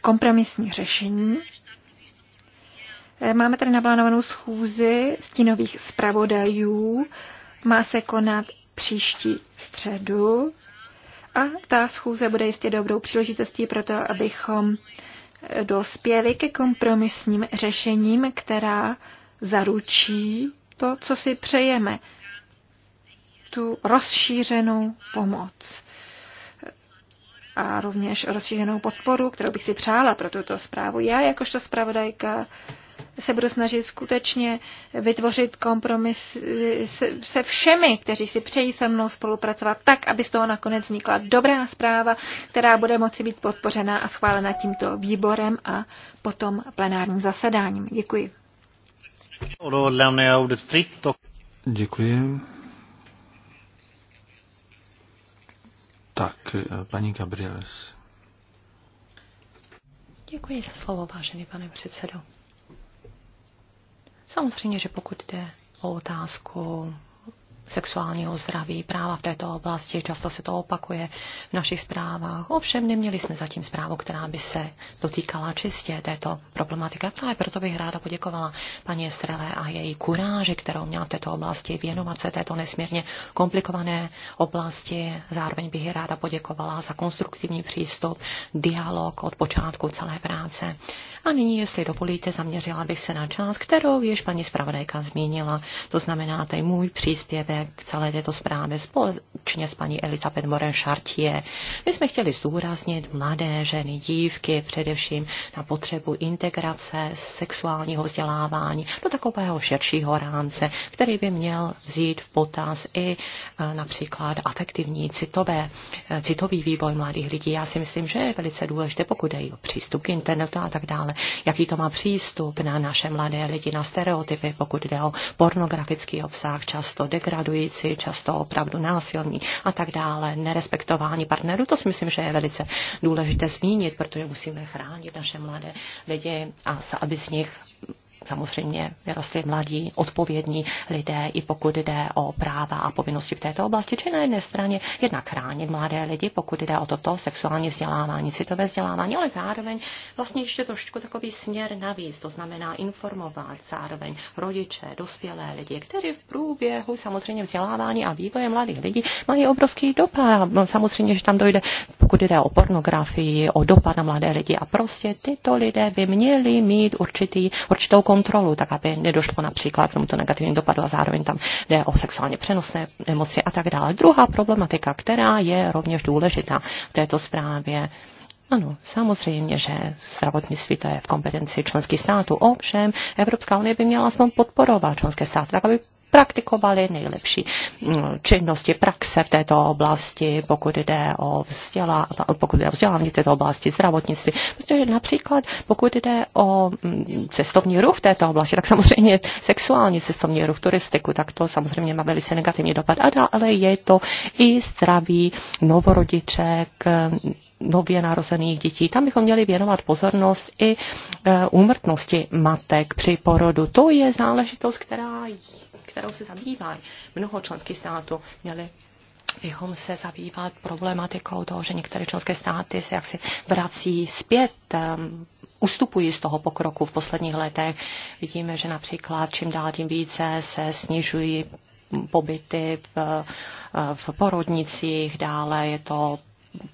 kompromisní řešení. Eh, máme tady naplánovanou schůzi stínových zpravodajů. Má se konat příští středu a ta schůze bude jistě dobrou příležitostí pro to, abychom eh, dospěli ke kompromisním řešením, která zaručí to, co si přejeme, tu rozšířenou pomoc a rovněž rozšířenou podporu, kterou bych si přála pro tuto zprávu. Já jakožto zpravodajka se budu snažit skutečně vytvořit kompromis se všemi, kteří si přejí se mnou spolupracovat tak, aby z toho nakonec vznikla dobrá zpráva, která bude moci být podpořena a schválena tímto výborem a potom plenárním zasedáním. Děkuji. Děkuji. Tak, eh, paní Gabrieles. Děkuji za slovo, vážený pane předsedo. Samozřejmě, že pokud jde o otázku sexuálního zdraví, práva v této oblasti, často se to opakuje v našich zprávách. Ovšem neměli jsme zatím zprávu, která by se dotýkala čistě této problematiky. Právě proto bych ráda poděkovala paní Estrele a její kuráži, kterou měla v této oblasti věnovat se této nesmírně komplikované oblasti. Zároveň bych ráda poděkovala za konstruktivní přístup, dialog od počátku celé práce. A nyní, jestli dovolíte, zaměřila bych se na část, kterou již paní zpravodajka zmínila. To znamená, ten můj příspěvek vlastně k celé této zprávě společně s paní Elizabeth Moren Chartier. My jsme chtěli zúraznit mladé ženy, dívky, především na potřebu integrace sexuálního vzdělávání do takového širšího rámce, který by měl vzít v potaz i e, například afektivní, citové, e, citový vývoj mladých lidí. Já si myslím, že je velice důležité, pokud jde o přístup k internetu a tak dále, jaký to má přístup na naše mladé lidi, na stereotypy, pokud jde o pornografický obsah, často degradace degradující, často opravdu násilní a tak dále, nerespektování partnerů. To si myslím, že je velice důležité zmínit, protože musíme chránit naše mladé lidi a aby z nich samozřejmě vyrostli mladí, odpovědní lidé, i pokud jde o práva a povinnosti v této oblasti, či na jedné straně jednak chránit mladé lidi, pokud jde o toto sexuální vzdělávání, citové vzdělávání, ale zároveň vlastně ještě trošku takový směr navíc, to znamená informovat zároveň rodiče, dospělé lidi, kteří v průběhu samozřejmě vzdělávání a vývoje mladých lidí mají obrovský dopad. Samozřejmě, že tam dojde, pokud jde o pornografii, o dopad na mladé lidi a prostě tyto lidé by měli mít určitý, určitou kontrolu, tak aby nedošlo například k tomuto negativnímu dopadu a zároveň tam jde o sexuálně přenosné emoce a tak dále. Druhá problematika, která je rovněž důležitá v této zprávě, ano, samozřejmě, že zdravotnictví to je v kompetenci členských států. Ovšem, Evropská unie by měla aspoň podporovat členské státy, tak aby praktikovali nejlepší mm, činnosti praxe v této oblasti, pokud jde o, vzděla, pokud jde o vzdělání v této oblasti, zdravotnictví. Protože například, pokud jde o mm, cestovní ruch v této oblasti, tak samozřejmě sexuální cestovní ruch, turistiku, tak to samozřejmě má velice negativní dopad. A dále je to i zdraví novorodiček, nově narozených dětí. Tam bychom měli věnovat pozornost i e, úmrtnosti matek při porodu. To je záležitost, která, kterou se zabývají mnoho členských států, měli bychom se zabývat problematikou toho, že některé členské státy se jaksi vrací zpět, um, ustupují z toho pokroku v posledních letech. Vidíme, že například čím dál tím více se snižují pobyty v, eh, v porodnicích, dále je to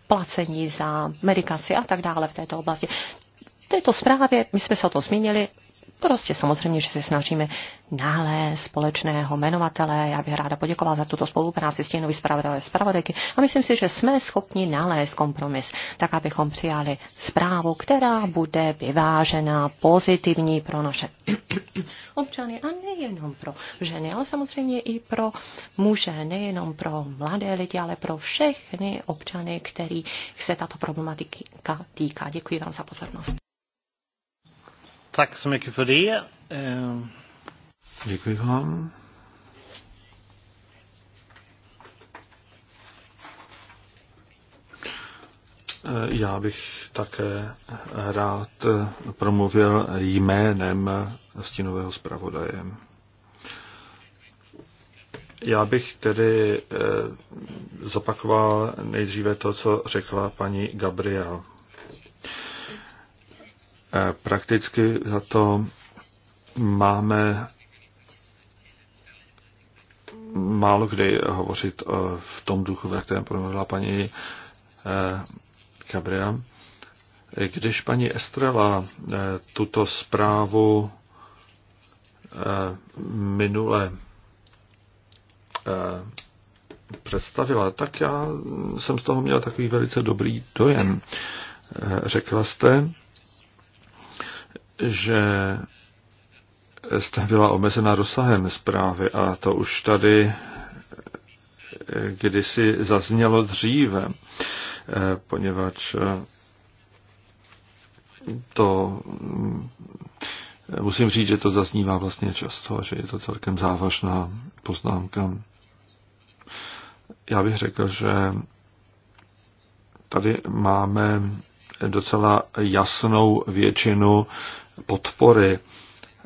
placení za medikaci a tak dále v této oblasti. V této zprávě, my jsme se o to zmínili, Prostě samozřejmě, že se snažíme nalézt společného jmenovatele. Já bych ráda poděkovala za tuto spolupráci s těmi zpravodaj zpravodajky a myslím si, že jsme schopni nalézt kompromis, tak abychom přijali zprávu, která bude vyvážená, pozitivní pro naše občany a nejenom pro ženy, ale samozřejmě i pro muže, nejenom pro mladé lidi, ale pro všechny občany, který se tato problematika týká. Děkuji vám za pozornost. Tack så mycket för det. Eh, Děkuji vám. Eh, já bych také rád promluvil jménem stínového zpravodaje. Já bych tedy eh, zopakoval nejdříve to, co řekla paní Gabriel. Eh, prakticky za to máme málo kdy hovořit eh, v tom duchu, ve kterém promluvila paní Cabria. Eh, když paní Estrela tuto zprávu minule představila, tak já jsem z toho měl takový velice dobrý dojem. Řekla jste, že jste byla omezena rozsahem zprávy a to už tady kdysi zaznělo dříve, poněvadž to musím říct, že to zaznívá vlastně často a že je to celkem závažná poznámka. Já bych řekl, že tady máme docela jasnou většinu podpory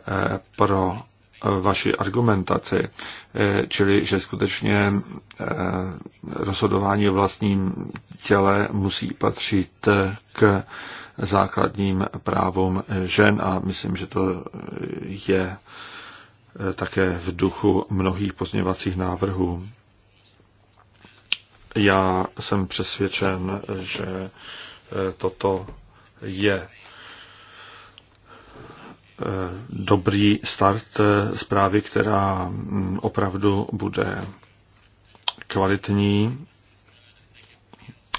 eh, pro vaši argumentaci, eh, čili že skutečně eh, rozhodování o vlastním těle musí patřit k základním právům žen a myslím, že to je také v duchu mnohých pozněvacích návrhů. Já jsem přesvědčen, že toto je Eh, dobrý start eh, zprávy, která mm, opravdu bude kvalitní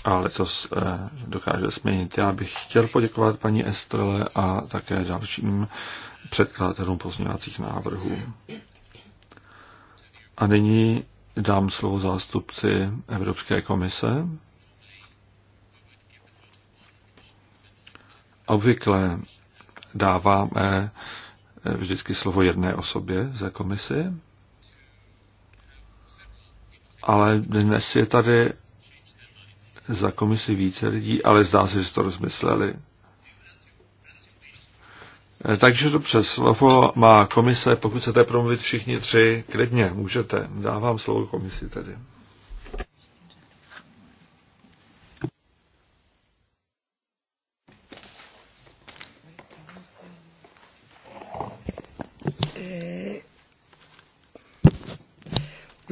a letos eh, dokáže změnit. Já bych chtěl poděkovat paní Estrele a také dalším předkladatelům pozměňovacích návrhů. A nyní dám slovo zástupci Evropské komise. Obvykle dáváme eh, eh, vždycky slovo jedné osobě za komisi, ale dnes je tady za komisi více lidí, ale zdá se, že to rozmysleli. Eh, takže dobře, slovo má komise, pokud chcete promluvit všichni tři, klidně můžete. Dávám slovo komisi tedy.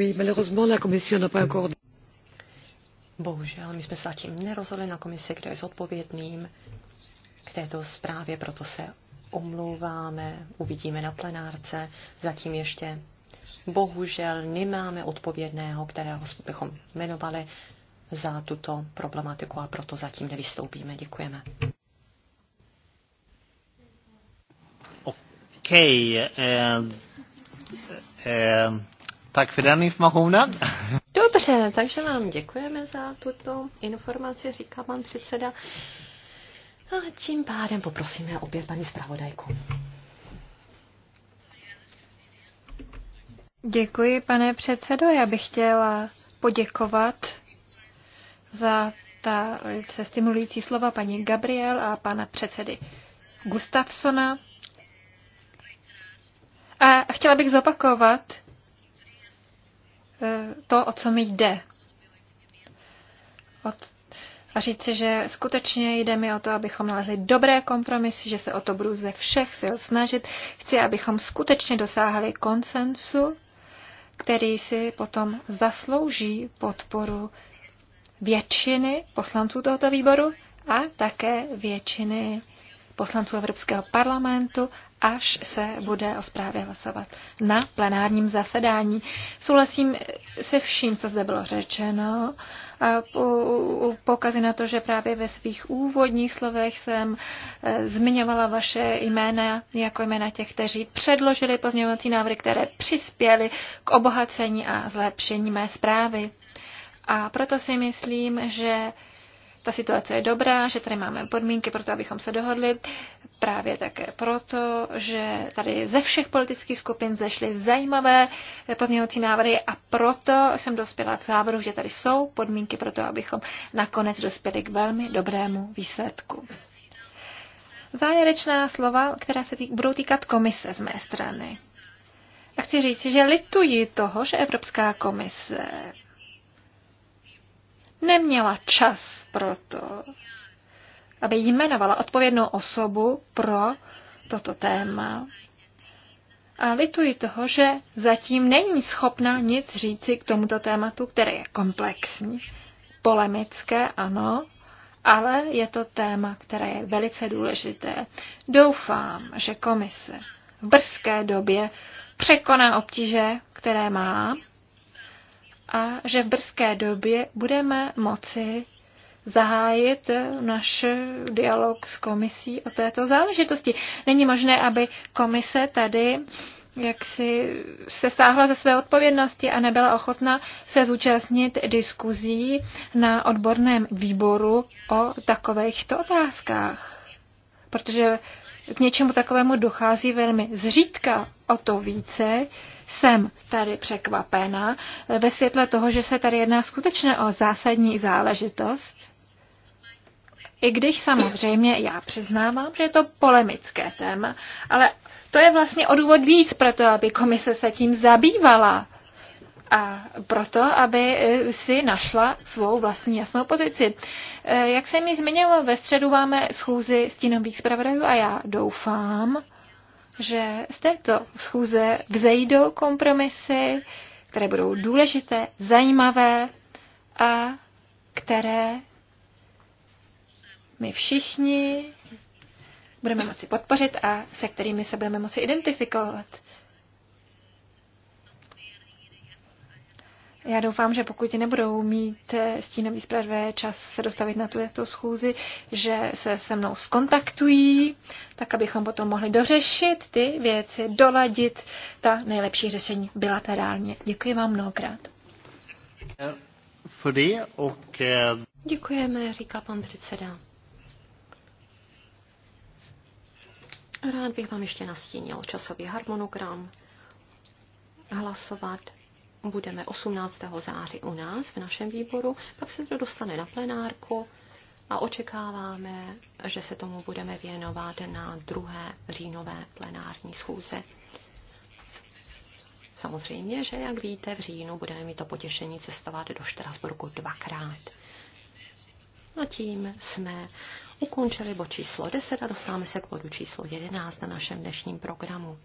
Oui, malheureusement, la commission n'a pas encore... Bohužel, my jsme se zatím nerozhodli na komisi, kdo je zodpovědným k této zprávě, proto se omlouváme, uvidíme na plenárce. Zatím ještě bohužel nemáme odpovědného, kterého bychom jmenovali za tuto problematiku a proto zatím nevystoupíme. Děkujeme. Okay, and, eh, and... Eh, tak vydaný v Mahouna. Dobře, takže vám děkujeme za tuto informaci, říká pan předseda. A tím pádem poprosíme opět paní zpravodajku. Děkuji, pane předsedo. Já bych chtěla poděkovat za ta velice stimulující slova paní Gabriel a pana předsedy Gustafsona. A chtěla bych zopakovat, Eh, to, o co mi jde. A říci, že skutečně jde mi o to, abychom nalezli dobré kompromisy, že se o to budu ze všech sil snažit. Chci, abychom skutečně dosáhli konsensu, který si potom zaslouží podporu většiny poslanců tohoto výboru a také většiny poslanců Evropského parlamentu až se bude o zprávě hlasovat na plenárním zasedání. Souhlasím se vším, co zde bylo řečeno. A poukazy na to, že právě ve svých úvodních slovech jsem e, zmiňovala vaše jména jako jména těch, kteří předložili pozměňovací návrhy, které přispěly k obohacení a zlepšení mé zprávy. A proto si myslím, že ta situace je dobrá, že tady máme podmínky pro to, abychom se dohodli, právě také proto, že tady ze všech politických skupin zešly zajímavé pozměňovací návrhy a proto jsem dospěla k závěru, že tady jsou podmínky pro to, abychom nakonec dospěli k velmi dobrému výsledku. Závěrečná slova, která se týk, budou týkat komise z mé strany. A chci říct, že lituji toho, že Evropská komise neměla čas pro to, aby jmenovala odpovědnou osobu pro toto téma. A lituji toho, že zatím není schopna nic říci k tomuto tématu, které je komplexní, polemické, ano, ale je to téma, které je velice důležité. Doufám, že komise v brzké době překoná obtíže, které má a že v brzké době budeme moci zahájit náš dialog s komisí o této záležitosti. Není možné, aby komise tady jak si se stáhla ze své odpovědnosti a nebyla ochotna se zúčastnit diskuzí na odborném výboru o takovýchto otázkách. Protože k něčemu takovému dochází velmi zřídka o to více, jsem tady překvapena ve světle toho, že se tady jedná skutečně o zásadní záležitost, i když samozřejmě já přiznávám, že je to polemické téma, ale to je vlastně odůvod víc pro to, aby komise se tím zabývala a proto, aby e, si našla svou vlastní jasnou pozici. E, jak jsem mi zmiňovala, ve středu máme schůzi stínových zpravodajů a já doufám, že z této schůze vzejdou kompromisy, které budou důležité, zajímavé a které my všichni budeme moci podpořit a se kterými se budeme moci identifikovat. Já doufám, že pokud nebudou mít eh, stínový zpravodajové čas se dostavit na tuto schůzi, že se se mnou skontaktují, tak abychom potom mohli dořešit ty věci, doladit ta nejlepší řešení bilaterálně. Děkuji vám mnohokrát. Eh, Děkujeme, říká pan předseda. Rád bych vám ještě nastínil časový harmonogram. Hlasovat budeme 18. září u nás v našem výboru, pak se to dostane na plenárku a očekáváme, že se tomu budeme věnovat na druhé říjnové plenární schůze. Samozřejmě, že jak víte, v říjnu budeme mít to potěšení cestovat do Štrasburku dvakrát. A tím jsme ukončili bod číslo 10 a dostáváme se k bodu číslo 11 na našem dnešním programu.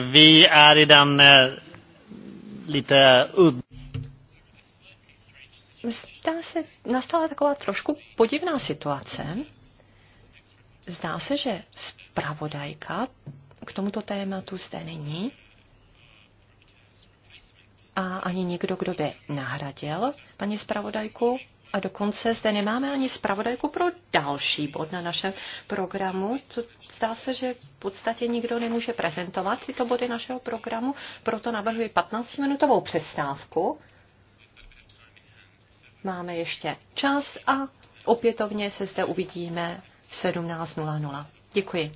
vi är i den eh, lite udda Zdá se, nastala taková trošku podivná situace. Zdá se, že zpravodajka k tomuto tématu zde není a ani někdo, kdo by nahradil paní zpravodajku, a dokonce zde nemáme ani zpravodajku pro další bod na našem programu. To zdá se, že v podstatě nikdo nemůže prezentovat tyto body našeho programu, proto navrhuji 15-minutovou přestávku. Máme ještě čas a opětovně se zde uvidíme v 17.00. Děkuji.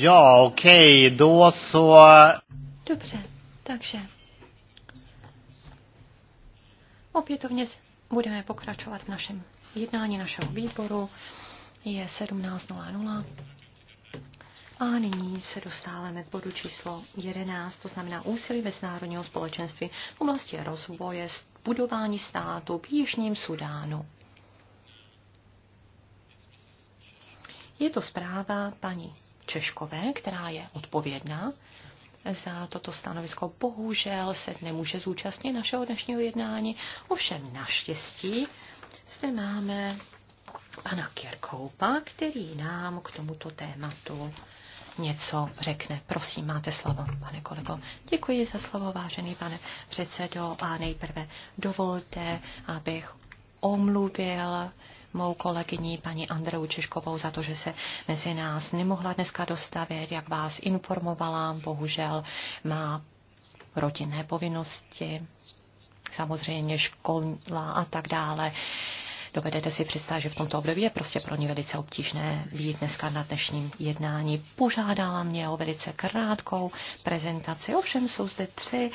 Ja, okej, okay, då så... Dobře, takže... Opětovně budeme pokračovat v našem jednání našeho výboru. Je 17.00. A nyní se dostáváme k bodu číslo 11, to znamená úsilí mezinárodního společenství v oblasti rozvoje, budování státu v Jižním Sudánu. Je to zpráva paní Češkové, která je odpovědná za toto stanovisko. Bohužel se nemůže zúčastnit našeho dnešního jednání. Ovšem naštěstí zde máme pana Kirkoupa, který nám k tomuto tématu něco řekne. Prosím, máte slovo, pane kolego. Děkuji za slovo, vážený pane předsedo. A nejprve dovolte, abych omluvil mou kolegyní paní Andreu Češkovou za to, že se mezi nás nemohla dneska dostavit, jak vás informovala. Bohužel má rodinné povinnosti, samozřejmě škola a tak dále. Dovedete si představit, že v tomto období je prostě pro ně velice obtížné být dneska na dnešním jednání. Požádala mě o velice krátkou prezentaci. Ovšem jsou zde tři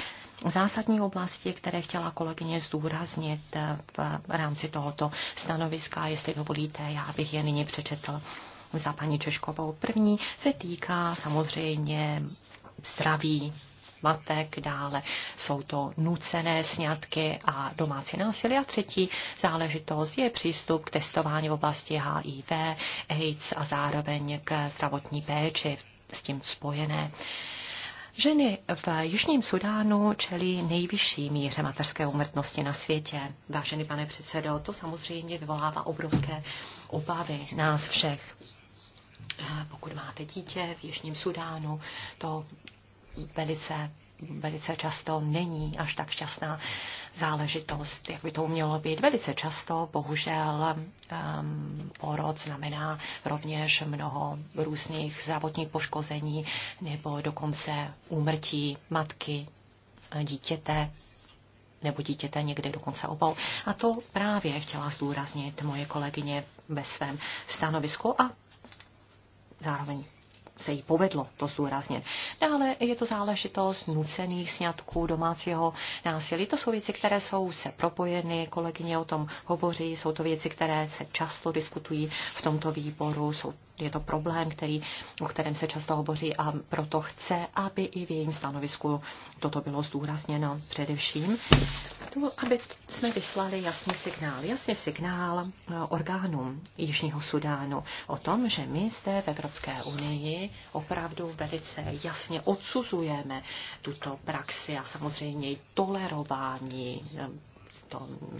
zásadní oblasti, které chtěla kolegyně zdůraznit eh, v rámci tohoto stanoviska. Jestli dovolíte, já bych je nyní přečetl za paní Češkovou. První se týká samozřejmě zdraví matek, dále jsou to nucené sňatky a domácí násilí. A třetí záležitost je přístup k testování v oblasti HIV, AIDS a zároveň k zdravotní péči s tím spojené. Uh, Ženy v Jižním Sudánu čelí nejvyšší míře mateřské umrtnosti na světě. Vážený pane předsedo, to samozřejmě vyvolává obrovské obavy nás všech. Pokud máte dítě v Jižním Sudánu, to velice, velice často není až tak šťastná záležitost, jak by to mělo být. Velice často, bohužel, um, porod znamená rovněž mnoho různých zdravotních poškození nebo dokonce úmrtí matky, dítěte nebo dítěte někde dokonce obou. A to právě chtěla zdůraznit moje kolegyně ve svém stanovisku a zároveň se jí povedlo to zdůraznit. Dále je to záležitost nucených sňatků domácího násilí. To jsou věci, které jsou se propojeny, kolegyně o tom hovoří, jsou to věci, které se často diskutují v tomto výboru, jsou je to problém, který, o kterém se často hovoří a proto chce, aby i v jejím stanovisku toto bylo zdůrazněno především, to, aby jsme vyslali jasný signál, jasný signál eh, orgánům Jižního Sudánu o tom, že my zde v Evropské unii opravdu velice jasně odsuzujeme tuto praxi a samozřejmě i tolerování eh,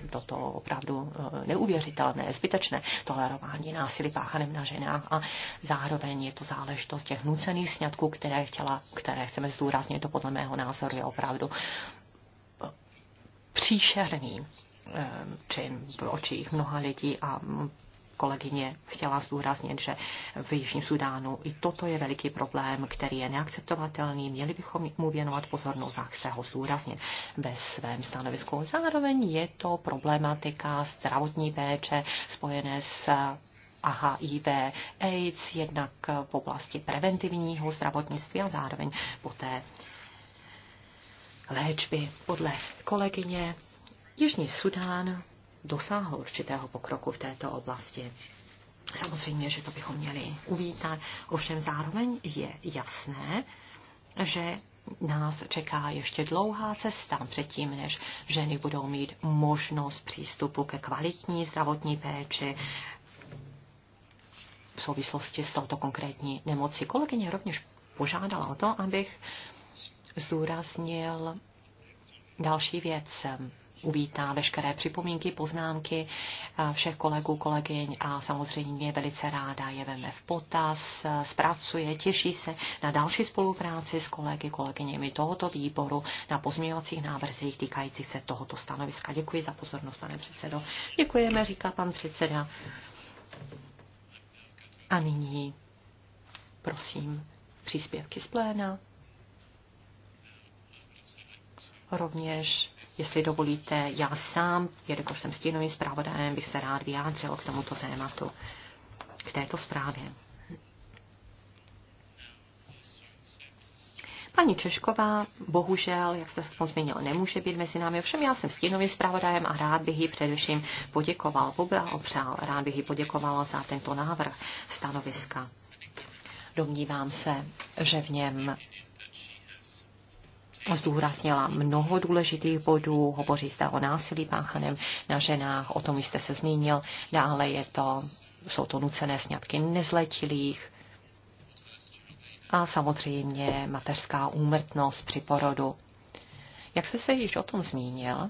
to, to opravdu eh, neuvěřitelné, zbytečné tolerování násilí páchaném na ženách a zároveň je to záležitost těch nucených sňatků, které, chtěla, které chceme zdůraznit, to podle mého názoru je opravdu eh, příšerný eh, čin v očích mnoha lidí a kolegyně chtěla zdůraznit, že v Jižním Sudánu i toto je veliký problém, který je neakceptovatelný. Měli bychom mu věnovat pozornost a chce ho zdůraznit ve svém stanovisku. Zároveň je to problematika zdravotní péče spojené s a HIV, AIDS, jednak v oblasti preventivního zdravotnictví a zároveň poté léčby. Podle kolegyně Jižní Sudán dosáhl určitého pokroku v této oblasti. Samozřejmě, že to bychom měli uvítat, ovšem zároveň je jasné, že nás čeká ještě dlouhá cesta předtím, než ženy budou mít možnost přístupu ke kvalitní zdravotní péči v souvislosti s touto konkrétní nemocí. Kolegyně rovněž požádala o to, abych zdůraznil další věc uvítá veškeré připomínky, poznámky eh, všech kolegů, kolegyň a samozřejmě je velice ráda je veme v potaz, eh, zpracuje, těší se na další spolupráci s kolegy, kolegyněmi tohoto výboru na pozměňovacích návrzích týkajících se tohoto stanoviska. Děkuji za pozornost, pane předsedo. Děkujeme, říká pan předseda. A nyní, prosím, příspěvky z pléna. Rovněž Jestli dovolíte, já sám, jelikož jsem stínovým zpravodajem, bych se rád vyjádřil k tomuto tématu, k této zprávě. Paní Češková, bohužel, jak jste se tom zmínil, nemůže být mezi námi. Ovšem já jsem stínovým zpravodajem a rád bych ji především poděkoval, opřál, rád bych ji poděkovala za tento návrh stanoviska. Domnívám se, že v něm zdůraznila mnoho důležitých bodů, hovoří zde o násilí páchaném na ženách, o tom jste se zmínil, dále je to, jsou to nucené sňatky nezletilých a samozřejmě mateřská úmrtnost při porodu. Jak jste se již o tom zmínil,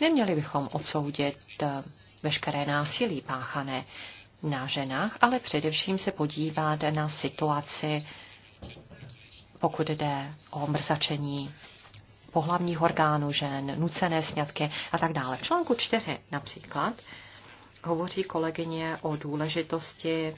Neměli bychom odsoudit eh, veškeré násilí páchané na ženách, ale především se podívat na situaci, pokud jde o mrzačení pohlavních orgánů žen, nucené sňatky a tak dále. V článku 4 například hovoří kolegyně o důležitosti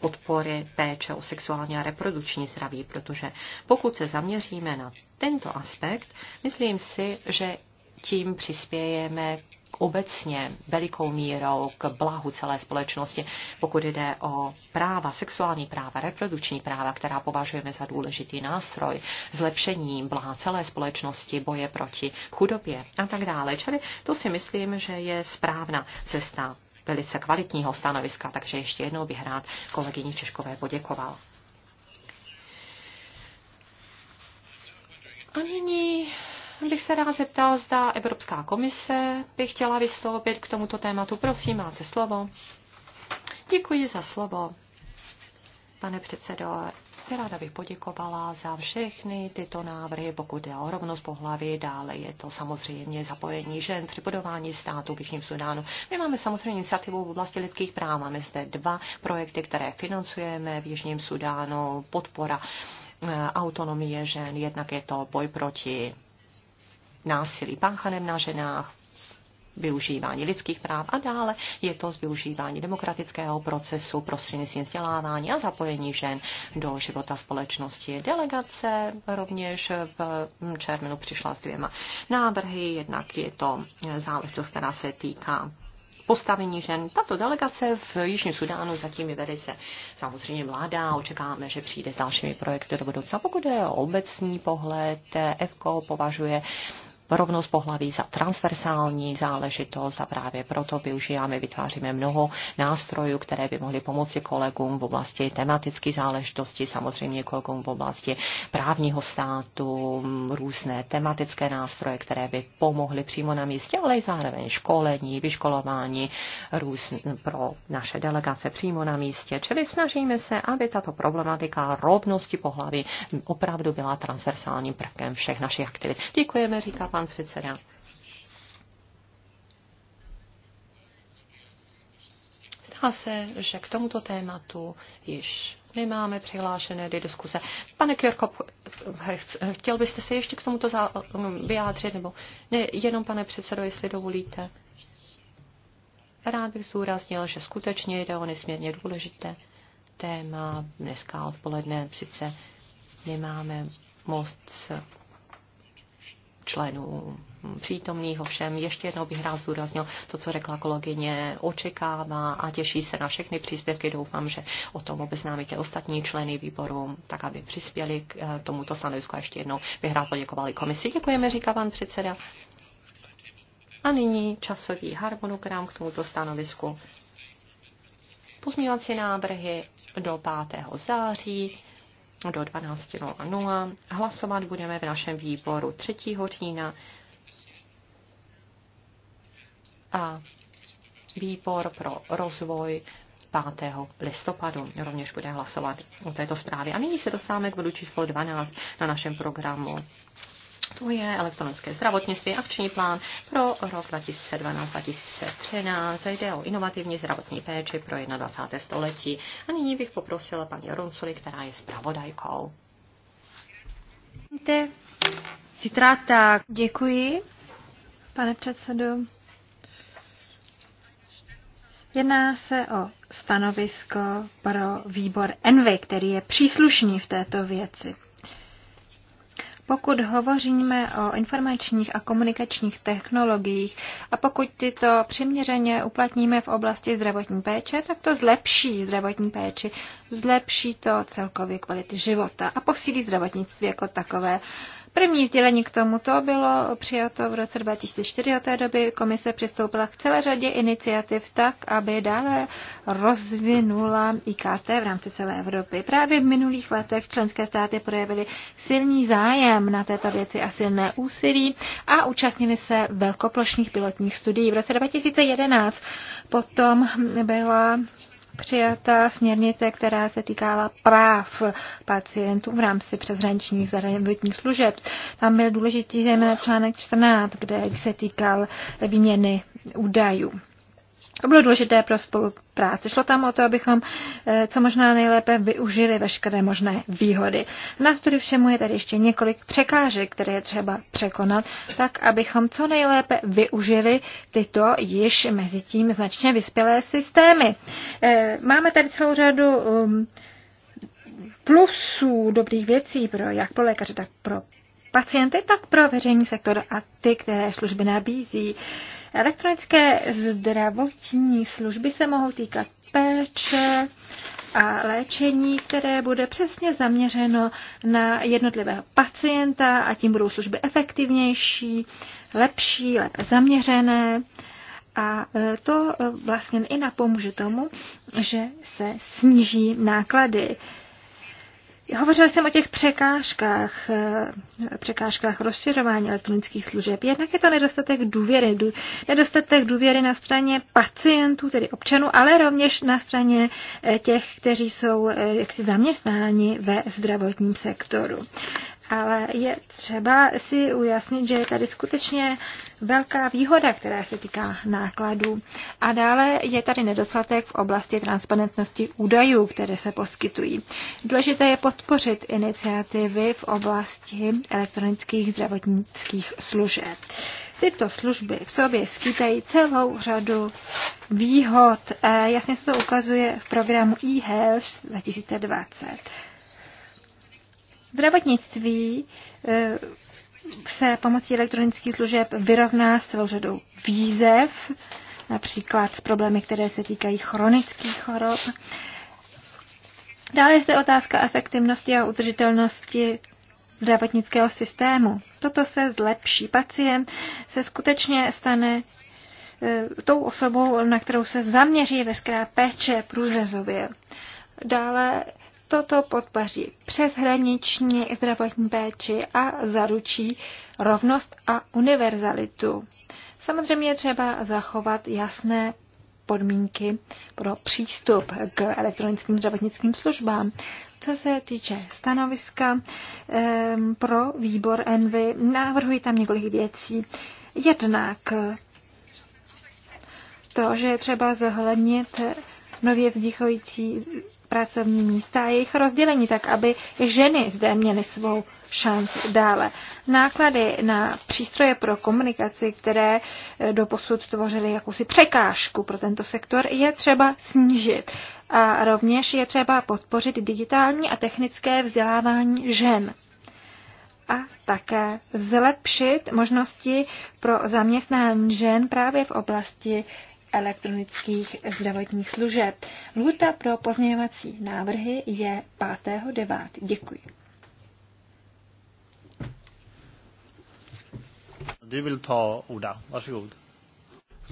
podpory péče o sexuální a reprodukční zdraví, protože pokud se zaměříme na tento aspekt, myslím si, že tím přispějeme obecně velikou mírou k blahu celé společnosti, pokud jde o práva, sexuální práva, reprodukční práva, která považujeme za důležitý nástroj, zlepšení blaha celé společnosti, boje proti chudobě a tak dále. Čili to si myslím, že je správná cesta velice kvalitního stanoviska, takže ještě jednou bych rád kolegyni Češkové poděkoval. A nyní bych se rád zeptal, zda Evropská komise by chtěla vystoupit k tomuto tématu. Prosím, máte slovo. Děkuji za slovo, pane předsedo. Ráda bych poděkovala za všechny tyto návrhy, pokud jde o rovnost pohlaví, dále je to samozřejmě zapojení žen při budování státu v Jižním Sudánu. My máme samozřejmě iniciativu v oblasti lidských práv, máme zde dva projekty, které financujeme v Jižním Sudánu, podpora eh, autonomie žen, jednak je to boj proti násilí páchaném na ženách, využívání lidských práv a dále je to z využívání demokratického procesu prostřednictvím vzdělávání a zapojení žen do života společnosti. Delegace rovněž v červnu přišla s dvěma návrhy, jednak je to záležitost, která se týká postavení žen. Tato delegace v Jižním Sudánu zatím je velice samozřejmě mladá, očekáváme, že přijde s dalšími projekty do budoucna. Pokud je o obecný pohled, FKO považuje rovnost pohlaví za transversální záležitost a právě proto využíváme, vytváříme mnoho nástrojů, které by mohly pomoci kolegům v oblasti tematických záležitostí, samozřejmě kolegům v oblasti právního státu, různé tematické nástroje, které by pomohly přímo na místě, ale i zároveň školení, vyškolování různ, pro naše delegace přímo na místě. Čili snažíme se, aby tato problematika rovnosti pohlaví opravdu byla transversálním prvkem všech našich aktivit. Děkujeme, říká pan předseda. Zdá se, že k tomuto tématu již nemáme přihlášené do diskuse. Pane Kirkop, chtěl byste se ještě k tomuto vyjádřit, nebo ne, jenom pane předsedo, jestli dovolíte. Rád bych zdůraznil, že skutečně jde o nesmírně důležité téma. Dneska odpoledne sice nemáme moc členů přítomných, ovšem ještě jednou bych rád zdůraznil to, co řekla kolegyně, očekává a těší se na všechny příspěvky. Doufám, že o tom obeznámíte ostatní členy výboru, tak aby přispěli k eh, tomuto stanovisku a ještě jednou bych rád poděkovali komisi. Děkujeme, říká pan předseda. A nyní časový harmonogram k tomuto stanovisku. Pozměňovací návrhy do 5. září do 12.00. Hlasovat budeme v našem výboru 3. října a výbor pro rozvoj 5. listopadu. Rovněž bude hlasovat o této zprávě. A nyní se dostáváme k bodu číslo 12 na našem programu to je elektronické zdravotnictví, akční plán pro rok 2012 2013 Jde o inovativní zdravotní péči pro 21. století. A nyní bych poprosila paní Runculi, která je zpravodajkou. Děkuji, pane předsedo. Jedná se o stanovisko pro výbor Envy, který je příslušný v této věci. Pokud hovoříme o informačních a komunikačních technologiích a pokud tyto přiměřeně uplatníme v oblasti zdravotní péče, tak to zlepší zdravotní péči, zlepší to celkově kvality života a posílí zdravotnictví jako takové. První sdělení k tomuto bylo přijato v roce 2004 od té doby. Komise přistoupila k celé řadě iniciativ tak, aby dále rozvinula IKT v rámci celé Evropy. Právě v minulých letech členské státy projevily silný zájem na této věci a silné úsilí a účastnili se velkoplošných pilotních studií. V roce 2011 potom byla přijata směrnice, která se týkala práv pacientů v rámci přeshraničních zdravotních služeb. Tam byl důležitý zejména článek 14, kde se týkal výměny údajů. To bylo důležité pro spolupráci. Šlo tam o to, abychom eh, co možná nejlépe využili veškeré možné výhody. Navzdory všemu je tady ještě několik překážek, které je třeba překonat, tak abychom co nejlépe využili tyto již mezi tím značně vyspělé systémy. Eh, máme tady celou řadu um, plusů, dobrých věcí pro jak pro lékaře, tak pro pacienty, tak pro veřejný sektor a ty, které služby nabízí. Elektronické zdravotní služby se mohou týkat péče a léčení, které bude přesně zaměřeno na jednotlivého pacienta a tím budou služby efektivnější, lepší, lépe zaměřené. A e, to e, vlastně i napomůže tomu, že se sníží náklady. Hovořil jsem o těch překážkách, eh, překážkách rozšiřování elektronických služeb. Jednak je to nedostatek důvěry. Nedostatek důvěry na straně pacientů, tedy občanů, ale rovněž na straně eh, těch, kteří jsou eh, jaksi zaměstnáni ve zdravotním sektoru ale je třeba si ujasnit, že je tady skutečně velká výhoda, která se týká nákladů. A dále je tady nedostatek v oblasti transparentnosti údajů, které se poskytují. Důležité je podpořit iniciativy v oblasti elektronických zdravotnických služeb. Tyto služby v sobě skýtají celou řadu výhod. E, jasně se to ukazuje v programu eHealth 2020. Zdravotnictví eh, se pomocí elektronických služeb vyrovná s celou řadou výzev, například s problémy, které se týkají chronických chorob. Dále je zde otázka efektivnosti a udržitelnosti zdravotnického systému. Toto se zlepší. Pacient se skutečně stane eh, tou osobou, na kterou se zaměří veškerá péče průřezově. Dále Toto podpaří přeshraniční zdravotní péči a zaručí rovnost a univerzalitu. Samozřejmě je třeba zachovat jasné podmínky pro přístup k elektronickým zdravotnickým službám. Co se týče stanoviska pro výbor Envy, návrhuji tam několik věcí. Jednak to, že je třeba zohlednit nově vzdychající pracovní místa a jejich rozdělení, tak aby ženy zde měly svou šanci dále. Náklady na přístroje pro komunikaci, které eh, do posud tvořily jakousi překážku pro tento sektor, je třeba snížit. A rovněž je třeba podpořit digitální a technické vzdělávání žen a také zlepšit možnosti pro zaměstnání žen právě v oblasti elektronických zdravotních služeb. Lhuta pro pozměňovací návrhy je 5.9. Děkuji.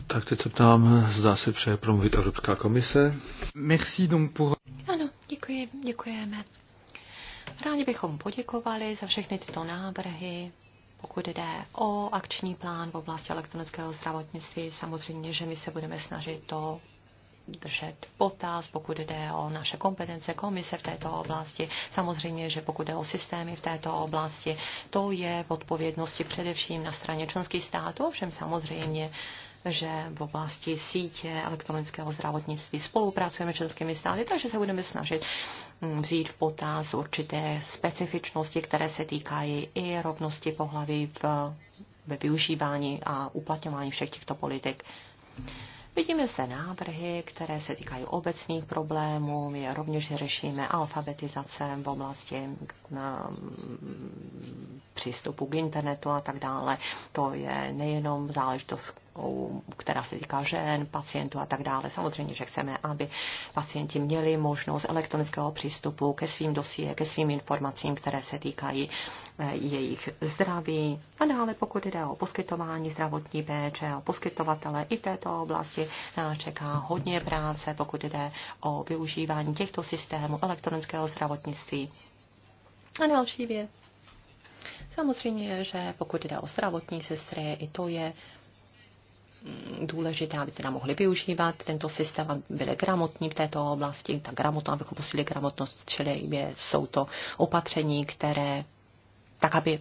Tak teď se ptám, zdá se přeje promluvit Evropská komise. Merci donc pour... Ano, děkuji, děkujeme. Rádi bychom poděkovali za všechny tyto návrhy, pokud jde o akční plán v oblasti elektronického zdravotnictví, samozřejmě, že my se budeme snažit to držet potaz, pokud jde o naše kompetence komise v této oblasti. Samozřejmě, že pokud jde o systémy v této oblasti, to je v odpovědnosti především na straně členských států, ovšem samozřejmě že v oblasti sítě elektronického zdravotnictví spolupracujeme s českými státy, takže se budeme snažit mm, vzít v potaz určité specifičnosti, které se týkají i rovnosti pohlaví v, ve využívání a uplatňování všech těchto politik. Vidíme zde návrhy, které se týkají obecných problémů. My rovněž řešíme alfabetizace v oblasti mm, přístupu k internetu a tak dále. To je nejenom záležitost která se týká žen, pacientů a tak dále. Samozřejmě, že chceme, aby pacienti měli možnost elektronického přístupu ke svým dosie, ke svým informacím, které se týkají eh, jejich zdraví. A dále, pokud jde o poskytování zdravotní péče, o poskytovatele i v této oblasti, nás eh, čeká hodně práce, pokud jde o využívání těchto systémů elektronického zdravotnictví. A další věc. Samozřejmě, že pokud jde o zdravotní sestry, i to je důležité, aby teda mohli využívat tento systém a byli gramotní v této oblasti, ta gramotnost, abychom posílili gramotnost, čili je, jsou to opatření, které tak, aby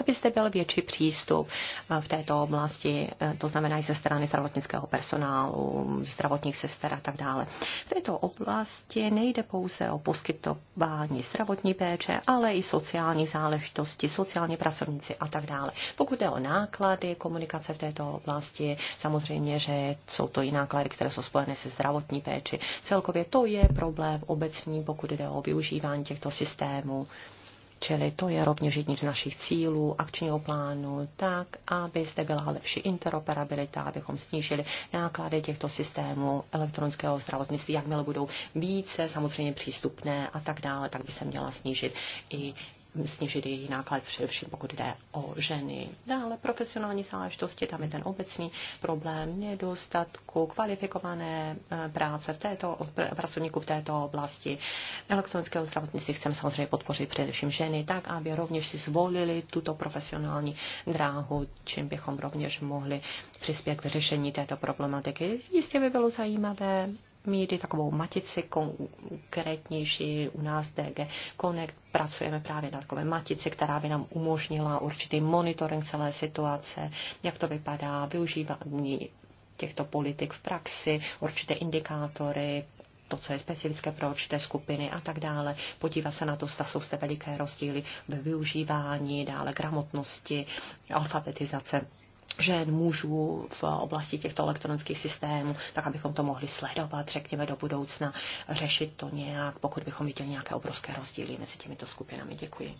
abyste byl větší přístup eh, v této oblasti, eh, to znamená i ze strany zdravotnického personálu, zdravotních sester a tak dále. V této oblasti nejde pouze o poskytování zdravotní péče, ale i sociální záležitosti, sociální pracovníci a tak dále. Pokud jde o náklady komunikace v této oblasti, samozřejmě, že jsou to i náklady, které jsou spojené se zdravotní péči. Celkově to je problém obecný, pokud jde o využívání těchto systémů. Čili to je rovněž jedním z našich cílů akčního plánu, tak, aby zde byla lepší interoperabilita, abychom snížili náklady těchto systémů elektronického zdravotnictví, jakmile budou více samozřejmě přístupné a tak dále, tak by se měla snížit i snižit její náklad, především pokud jde o ženy. Dále profesionální záležitosti, tam je ten obecný problém nedostatku kvalifikované eh, práce v této, pracovníků v této oblasti. Elektronického zdravotnictví chceme samozřejmě podpořit především ženy, tak aby rovněž si zvolili tuto profesionální dráhu, čím bychom rovněž mohli přispět k řešení této problematiky. Jistě by bylo zajímavé míry takovou matici konkrétnější u nás DG Connect. Pracujeme právě na takové matici, která by nám umožnila určitý monitoring celé situace, jak to vypadá, využívání těchto politik v praxi, určité indikátory, to, co je specifické pro určité skupiny a tak dále. Podívat se na to, zda jsou zde veliké rozdíly ve využívání, dále gramotnosti, alfabetizace žen, mužů v oblasti těchto elektronických systémů, tak abychom to mohli sledovat, řekněme, do budoucna, řešit to nějak, pokud bychom viděli nějaké obrovské rozdíly mezi těmito skupinami. Děkuji.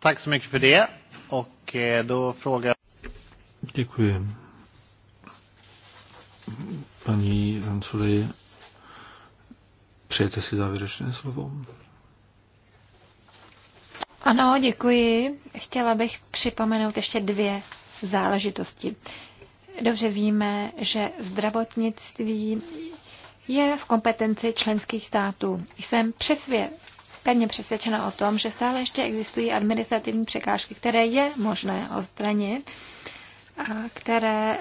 Tack så mycket för det. Och eh, då frågar... Děkuji. Paní Ranculi, přejete si závěrečné slovo? Ano, děkuji. Chtěla bych připomenout ještě dvě záležitosti. Dobře víme, že zdravotnictví je v kompetenci členských států. Jsem přesvě, pevně přesvědčena o tom, že stále ještě existují administrativní překážky, které je možné odstranit a které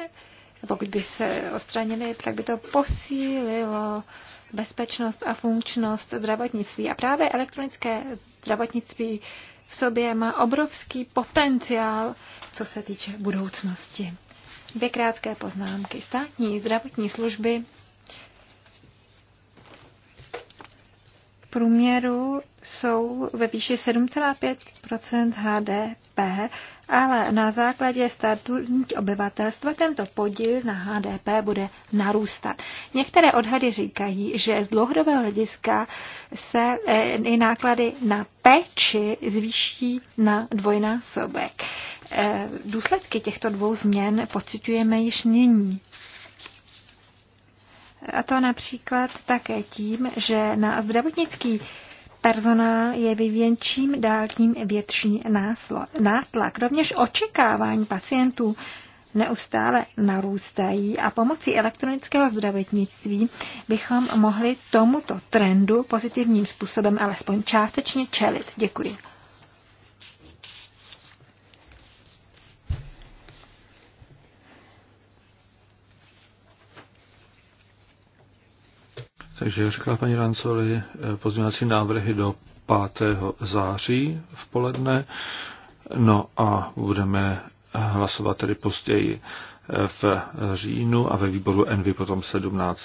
pokud by se odstranili, tak by to posílilo bezpečnost a funkčnost zdravotnictví. A právě elektronické zdravotnictví v sobě má obrovský potenciál, co se týče budoucnosti. Dvě krátké poznámky. Státní zdravotní služby průměru jsou ve výši 7,5 HDP, ale na základě státutí obyvatelstva tento podíl na HDP bude narůstat. Některé odhady říkají, že z dlouhodobého hlediska se eh, i náklady na péči zvýší na dvojnásobek. Eh, důsledky těchto dvou změn pocitujeme již nyní. A to například také tím, že na zdravotnický personál je vyvíjen čím dál tím větší nátlak. Rovněž očekávání pacientů neustále narůstají a pomocí elektronického zdravotnictví bychom mohli tomuto trendu pozitivním způsobem alespoň částečně čelit. Děkuji. Takže jak řekla paní Rancoli, eh, pozměňovací návrhy do 5. září v poledne. No a budeme hlasovat tedy později eh, v říjnu a ve výboru Envy potom 17.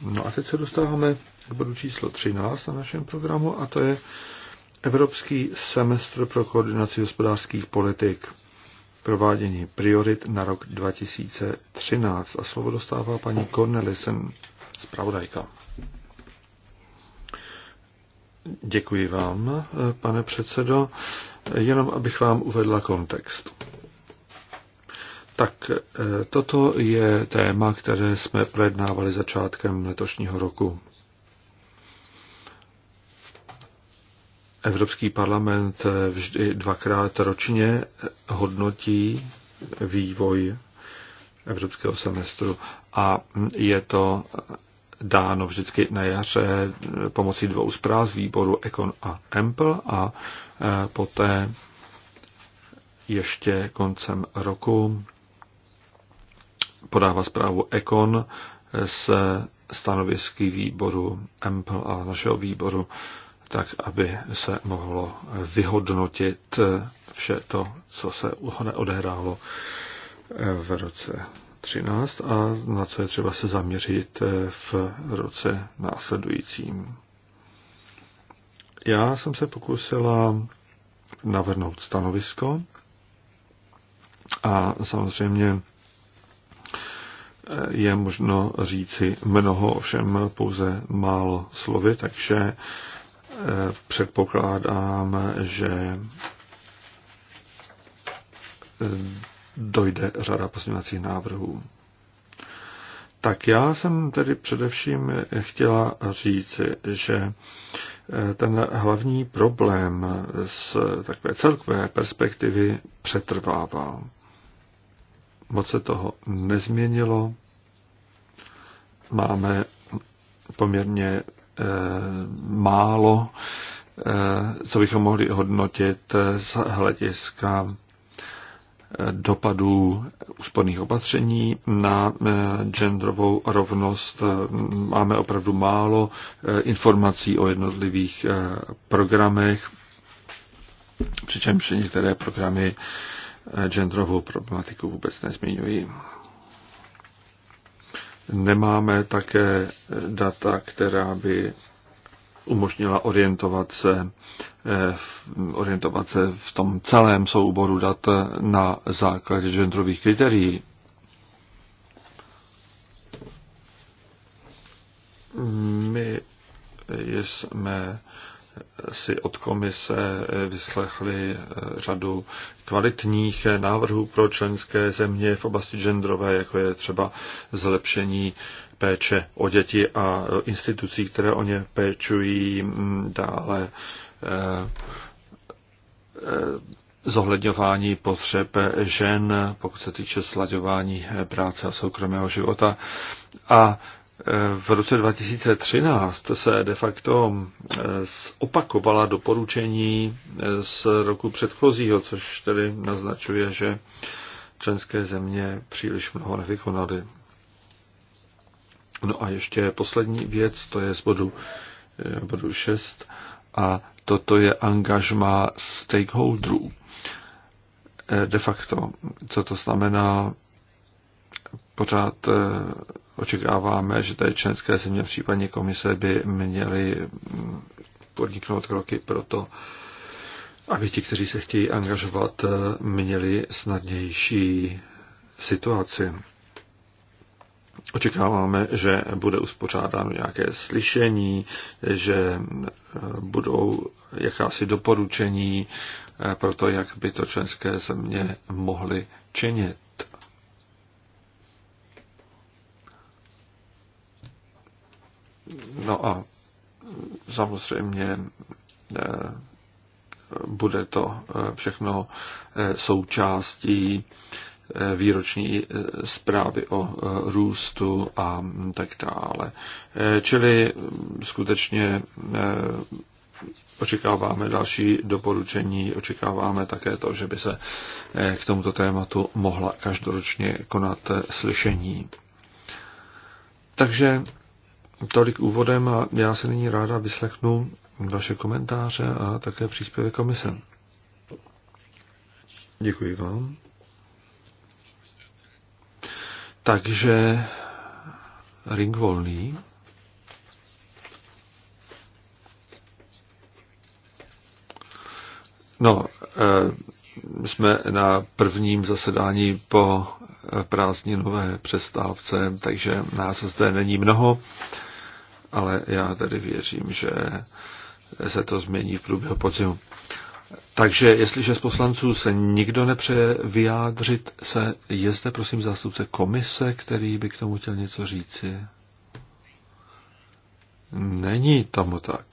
No a teď se dostáváme k bodu číslo 13 na našem programu a to je Evropský semestr pro koordinaci hospodářských politik provádění priorit na rok 2013. A slovo dostává paní Cornelisen, zpravodajka. Děkuji vám, pane předsedo. Jenom abych vám uvedla kontext. Tak toto je téma, které jsme projednávali začátkem letošního roku. Evropský parlament vždy dvakrát ročně hodnotí vývoj evropského semestru a je to dáno vždycky na jaře pomocí dvou zpráv výboru Econ a Ample a e, poté ještě koncem roku podává zprávu Econ s e, stanovisky výboru Ample a našeho výboru, tak aby se mohlo vyhodnotit vše to, co se odehrálo v roce 13 a na co je třeba se zaměřit eh, v roce následujícím. Já jsem se pokusila navrhnout stanovisko a samozřejmě eh, je možno říci mnoho, ovšem pouze málo slovy, takže eh, předpokládám, že dojde řada pozměňovacích návrhů. Tak já jsem tedy především chtěla říci, že eh, ten hlavní problém z takové celkové perspektivy přetrvává. Moc se toho nezměnilo. Máme poměrně e, málo, e, co bychom mohli hodnotit z hlediska dopadů úsporných opatření na eh, genderovou rovnost. Máme opravdu málo eh, informací o jednotlivých eh, programech, přičemž některé programy genderovou problematiku vůbec nezmiňují. Nemáme také data, která by umožnila orientovat se, eh, orientovat se v tom celém souboru dat eh, na základě genderových kritérií. My jsme si od komise vyslechli eh, řadu kvalitních návrhů pro členské země v oblasti genderové, jako je třeba zlepšení péče o děti a institucí, které o ně péčují mm, dále eh, eh, zohledňování potřeb žen, pokud se týče slaďování práce a soukromého života. A v roce 2013 se de facto eh, opakovala doporučení eh, z roku předchozího, což tedy naznačuje, že členské země příliš mnoho nevykonaly. No a ještě poslední věc, to je z bodu, eh, bodu 6 a toto je angažma stakeholderů. De facto, co to znamená, pořád eh, očekáváme, že tady členské země, případně komise, by měly mm, podniknout kroky pro to, aby ti, kteří se chtějí angažovat, eh, měli snadnější situaci. Očekáváme, že bude uspořádáno nějaké slyšení, že eh, budou jakási doporučení pro to, jak by to členské země mohly činit. No a samozřejmě eh, bude to eh, všechno eh, součástí výroční zprávy o růstu a tak dále. Čili mm, skutečně očekáváme další doporučení, očekáváme také to, že by se k tomuto tématu mohla každoročně konat slyšení. Takže Tolik úvodem a já se nyní ráda vyslechnu vaše komentáře a také příspěvy komise. Děkuji vám. Takže ring volný. No, eh, jsme na prvním zasedání po prázdninové přestávce, takže nás zde není mnoho ale já tedy věřím, že se to změní v průběhu podzimu. Takže jestliže z poslanců se nikdo nepřeje vyjádřit se, je zde prosím zástupce komise, který by k tomu chtěl něco říci? Není tomu tak.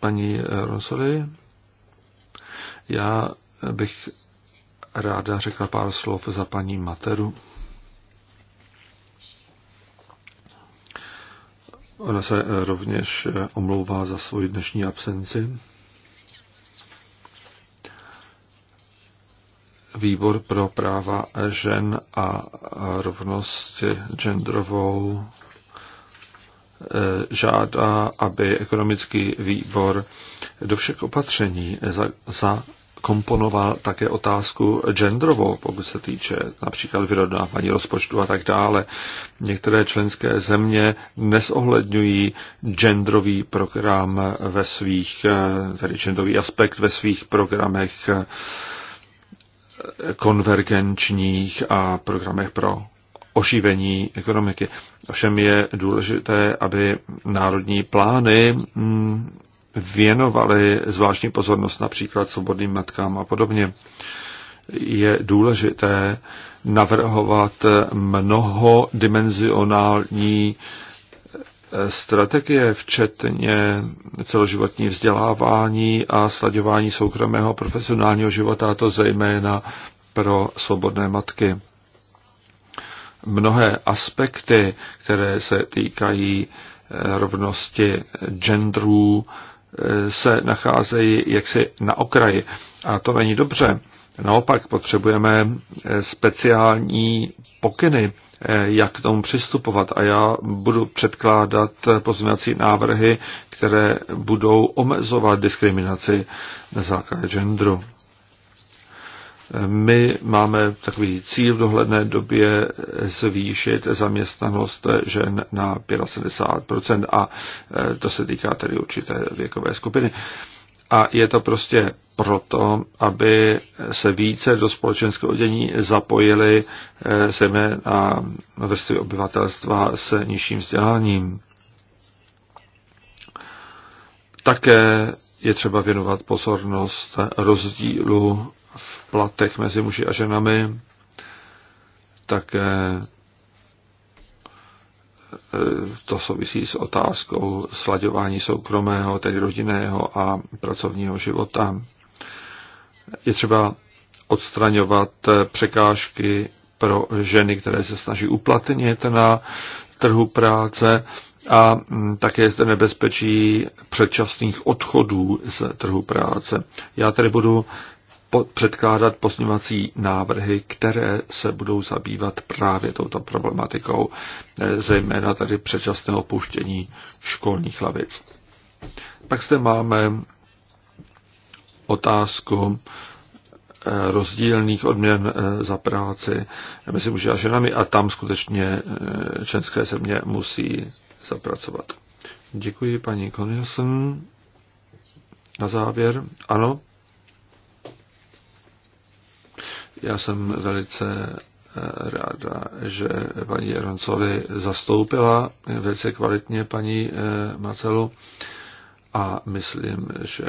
Paní Rosoli, já bych ráda řekla pár slov za paní Materu. Ona se rovněž omlouvá za svoji dnešní absenci. Výbor pro práva žen a rovnost genderovou eh, žádá, aby ekonomický výbor do všech opatření za komponoval také otázku genderovou, pokud se týče například vyrovnávání rozpočtu a tak dále. Některé členské země nesohledňují genderový program ve svých, tedy genderový aspekt ve svých programech konvergenčních a programech pro oživení ekonomiky. Ovšem je důležité, aby národní plány mm, věnovali zvláštní pozornost například svobodným matkám a podobně. Je důležité navrhovat mnohodimenzionální eh, strategie, včetně celoživotní vzdělávání a sladěvání soukromého profesionálního života, a to zejména pro svobodné matky. Mnohé aspekty, které se týkají eh, rovnosti genderů, se nacházejí jaksi na okraji. A to není dobře. Naopak potřebujeme eh, speciální pokyny, eh, jak k tomu přistupovat. A já budu předkládat eh, pozměňovací návrhy, které budou omezovat diskriminaci na základě genderu. My máme takový cíl v dohledné době zvýšit zaměstnanost žen na 75% a e, to se týká tedy určité věkové skupiny. A je to prostě proto, aby se více do společenského dění zapojili e, zejména vrstvy obyvatelstva s nižším vzděláním. Také je třeba věnovat pozornost rozdílu v platech mezi muži a ženami, také eh, to souvisí s otázkou slaďování soukromého, tedy rodinného a pracovního života. Je třeba odstraňovat eh, překážky pro ženy, které se snaží uplatnit na trhu práce a hm, také je zde nebezpečí předčasných odchodů z trhu práce. Já tedy budu předkládat pozměňovací návrhy, které se budou zabývat právě touto problematikou, eh, zejména tady předčasného opuštění školních lavic. Pak zde máme otázku eh, rozdílných odměn eh, za práci mezi muži a ženami a tam skutečně členské země musí zapracovat. Děkuji paní Konilson. Na závěr, ano, Já jsem velice eh, ráda, že paní Jeroncovi zastoupila velice kvalitně paní eh, Macelu a myslím, že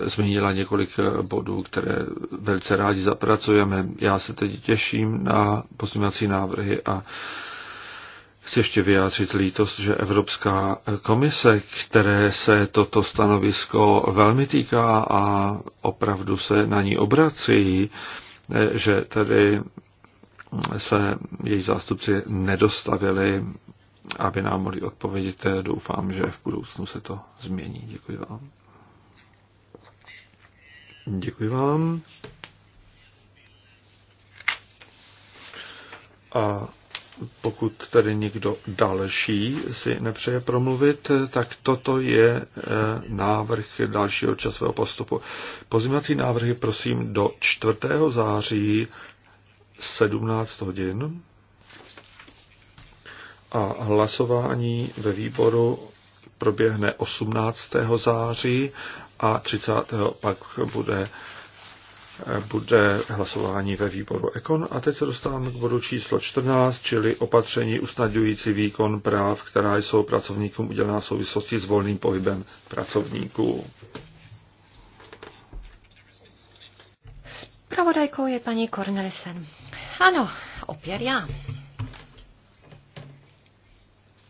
zmínila několik bodů, které velice rádi zapracujeme. Já se teď těším na pozměňovací návrhy a chci ještě vyjádřit lítost, že Evropská komise, které se toto stanovisko velmi týká a opravdu se na ní obrací, že tady se její zástupci nedostavili, aby nám mohli odpovědět. Doufám, že v budoucnu se to změní. Děkuji vám. Děkuji vám. A pokud tedy někdo další si nepřeje promluvit, tak toto je eh, návrh dalšího časového postupu. Pozměňovací návrhy prosím do 4. září 17 hodin a hlasování ve výboru proběhne 18. září a 30. pak bude bude hlasování ve výboru Ekon. A teď se dostáváme k bodu číslo 14, čili opatření usnadňující výkon práv, která jsou pracovníkům udělená v souvislosti s volným pohybem pracovníků. Spravodajkou je paní Cornelisen. Ano, opět já.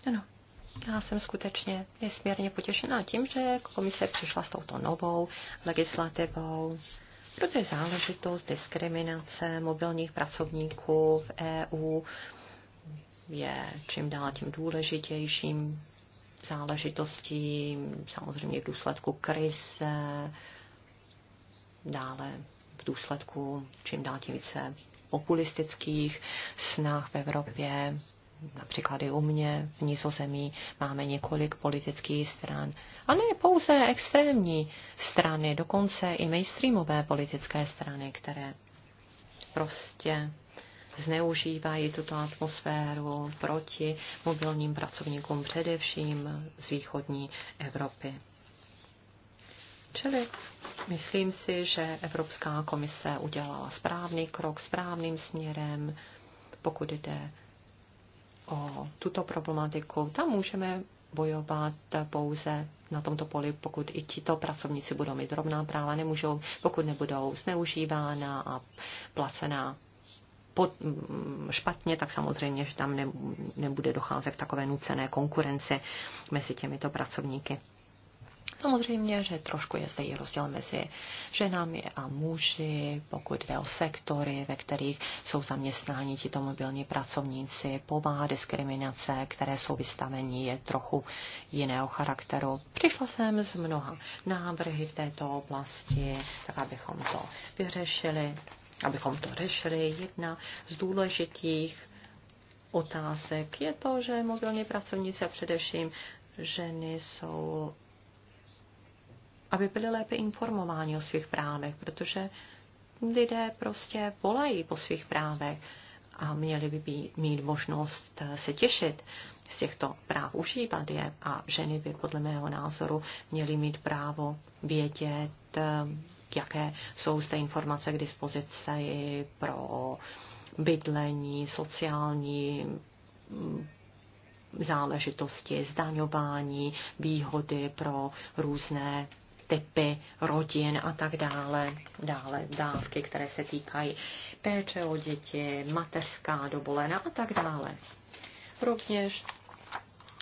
Ano, já jsem skutečně nesmírně potěšená tím, že komise přišla s touto novou legislativou proto je záležitost diskriminace mobilních pracovníků v EU je čím dál tím důležitějším záležitostí, samozřejmě v důsledku krize, dále v důsledku čím dál tím více populistických snah v Evropě například i u mě v Nizozemí máme několik politických stran. A ne pouze extrémní strany, dokonce i mainstreamové politické strany, které prostě zneužívají tuto atmosféru proti mobilním pracovníkům především z východní Evropy. Čili myslím si, že Evropská komise udělala správný krok správným směrem, pokud jde o tuto problematiku, tam můžeme bojovat pouze na tomto poli, pokud i tito pracovníci budou mít rovná práva, nemůžou, pokud nebudou zneužívána a placená pod, mm, špatně, tak samozřejmě, že tam ne, nebude docházet k takové nucené konkurenci mezi těmito pracovníky. Samozřejmě, že trošku je zde i rozdíl mezi ženami a muži, pokud jde o sektory, ve kterých jsou zaměstnáni tito mobilní pracovníci, povaha diskriminace, které jsou vystaveni, je trochu jiného charakteru. Přišla jsem z mnoha návrhy v této oblasti, tak abychom to vyřešili, abychom to řešili. Jedna z důležitých otázek je to, že mobilní a především ženy jsou aby byli lépe informováni o svých právech, protože lidé prostě volají po svých právech a měli by být, mít možnost eh, se těšit z těchto práv, užívat je a ženy by podle mého názoru měly mít právo vědět, eh, jaké jsou zde informace k dispozici pro bydlení, sociální mm, záležitosti, zdaňování, výhody pro různé typy rodin a tak dále, dále dávky, které se týkají péče o děti, mateřská dovolena a tak dále. Rovněž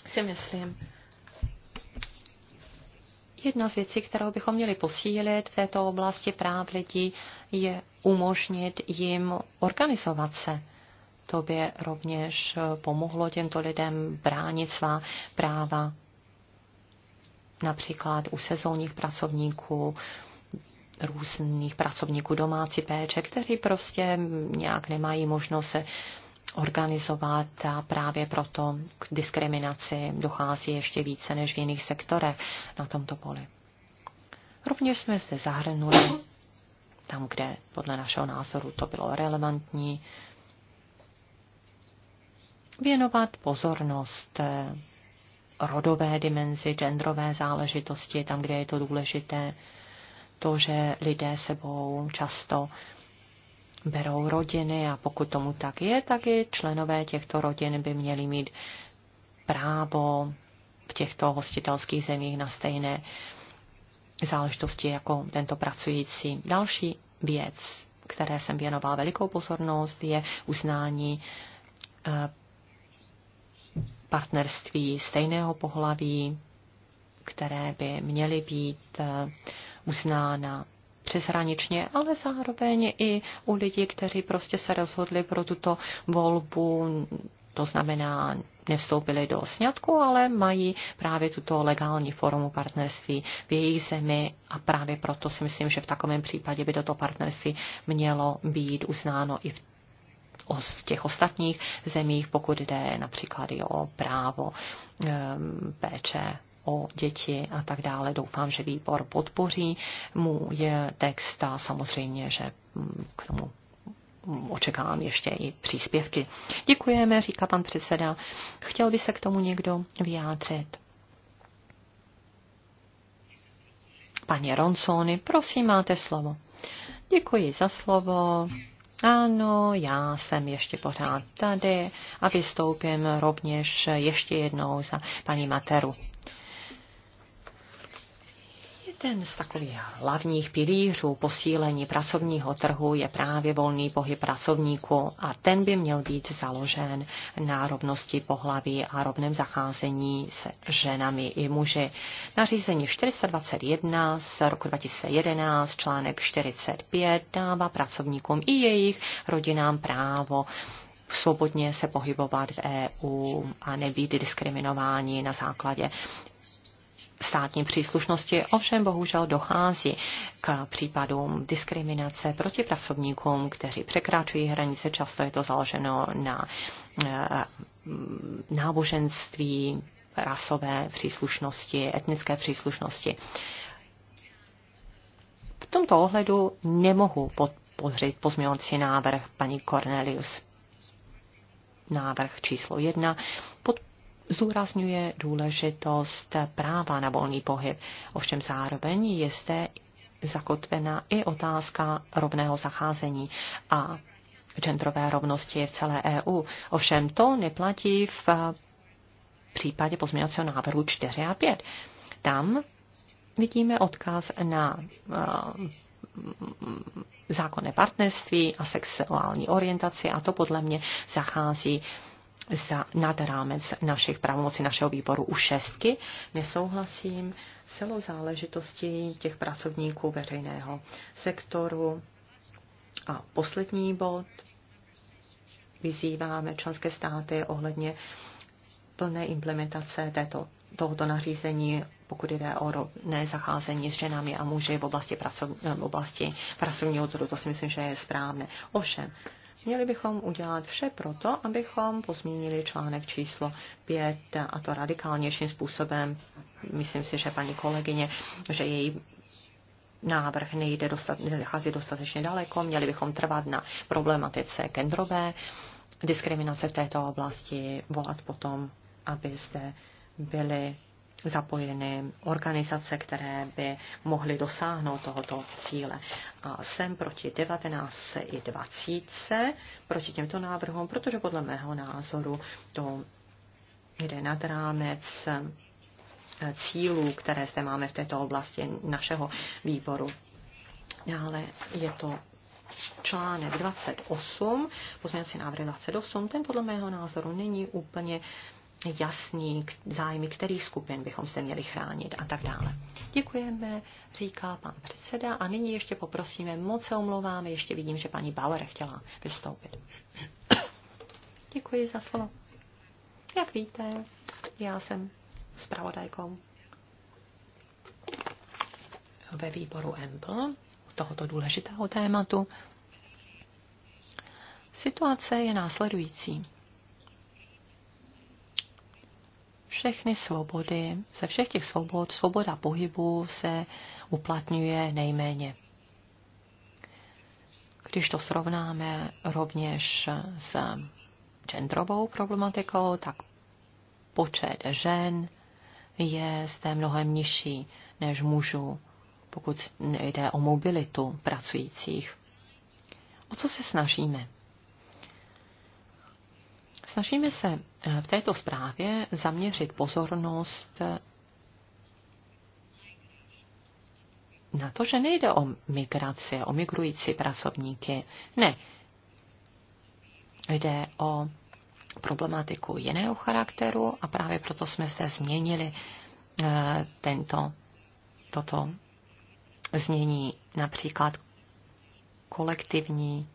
si myslím, jedna z věcí, kterou bychom měli posílit v této oblasti práv lidí, je umožnit jim organizovat se to by rovněž pomohlo těmto lidem bránit svá práva například u sezónních pracovníků, různých pracovníků domácí péče, kteří prostě nějak nemají možnost se organizovat a právě proto k diskriminaci dochází ještě více než v jiných sektorech na tomto poli. Rovněž jsme zde zahrnuli tam, kde podle našeho názoru to bylo relevantní, věnovat pozornost rodové dimenzi, genderové záležitosti, tam, kde je to důležité. To, že lidé sebou často berou rodiny a pokud tomu tak je, tak i členové těchto rodin by měli mít právo v těchto hostitelských zemích na stejné záležitosti jako tento pracující. Další věc, které jsem věnovala velikou pozornost, je uznání eh, partnerství stejného pohlaví, které by měly být eh, uznána přeshraničně, ale zároveň i u lidí, kteří prostě se rozhodli pro tuto volbu, to znamená nevstoupili do sňatku, ale mají právě tuto legální formu partnerství v jejich zemi a právě proto si myslím, že v takovém případě by toto partnerství mělo být uznáno i v v těch ostatních zemích, pokud jde například i o právo péče o děti a tak dále. Doufám, že výbor podpoří mu je text a samozřejmě, že mm, k tomu očekávám ještě i příspěvky. Děkujeme, říká pan předseda. Chtěl by se k tomu někdo vyjádřit? Paní Ronsony, prosím, máte slovo. Děkuji za slovo. Ano, já jsem ještě pořád tady a vystoupím rovněž ještě jednou za paní Materu. Jeden z takových hlavních pilířů posílení pracovního trhu je právě volný pohyb pracovníků a ten by měl být založen na rovnosti pohlaví a rovném zacházení s ženami i muži. Nařízení 421 z roku 2011 článek 45 dává pracovníkům i jejich rodinám právo svobodně se pohybovat v EU a nebýt diskriminováni na základě státní příslušnosti, ovšem bohužel dochází k případům diskriminace proti pracovníkům, kteří překračují hranice, často je to založeno na eh, náboženství, rasové příslušnosti, etnické příslušnosti. V tomto ohledu nemohu podpořit pozměňovací návrh paní Cornelius. Návrh číslo jedna pod zdůrazňuje důležitost práva na volný pohyb. Ovšem zároveň je zde zakotvena i otázka rovného zacházení a genderové rovnosti v celé EU. Ovšem to neplatí v případě pozměňovacího návrhu 4 a 5. Tam vidíme odkaz na eh, zákonné partnerství a sexuální orientaci a to podle mě zachází za nad rámec našich pravomocí našeho výboru u šestky. Nesouhlasím s celou záležitostí těch pracovníků veřejného sektoru. A poslední bod. Vyzýváme členské státy ohledně plné implementace této, tohoto nařízení, pokud jde o rovné zacházení s ženami a muži v oblasti, pracov, v oblasti pracovního trhu. To si myslím, že je správné. Ovšem, Měli bychom udělat vše proto, abychom pozměnili článek číslo 5 a to radikálnějším způsobem. Myslím si, že paní kolegyně, že její návrh nejde dostat, nechází dostatečně daleko. Měli bychom trvat na problematice kendrové diskriminace v této oblasti, volat potom, aby zde byly zapojeny organizace, které by mohly dosáhnout tohoto cíle. A jsem proti 19 i 20 proti těmto návrhům, protože podle mého názoru to jde nad rámec eh, cílů, které zde máme v této oblasti našeho výboru. Dále je to článek 28, pozměňovací návrh 28, ten podle mého názoru není úplně jasní zájmy, kterých skupin bychom se měli chránit a tak dále. Děkujeme, říká pan předseda. A nyní ještě poprosíme, moc se omlouváme, ještě vidím, že paní Bauer chtěla vystoupit. Děkuji za slovo. Jak víte, já jsem zpravodajkou ve výboru EMPL tohoto důležitého tématu. Situace je následující. všechny svobody, ze všech těch svobod, svoboda pohybu se uplatňuje nejméně. Když to srovnáme rovněž s genderovou problematikou, tak počet žen je zde mnohem nižší než mužů, pokud jde o mobilitu pracujících. O co se snažíme? Snažíme se eh, v této zprávě zaměřit pozornost eh, na to, že nejde o migraci, o migrující pracovníky. Ne. Jde o problematiku jiného charakteru a právě proto jsme zde změnili eh, tento, toto znění například kolektivní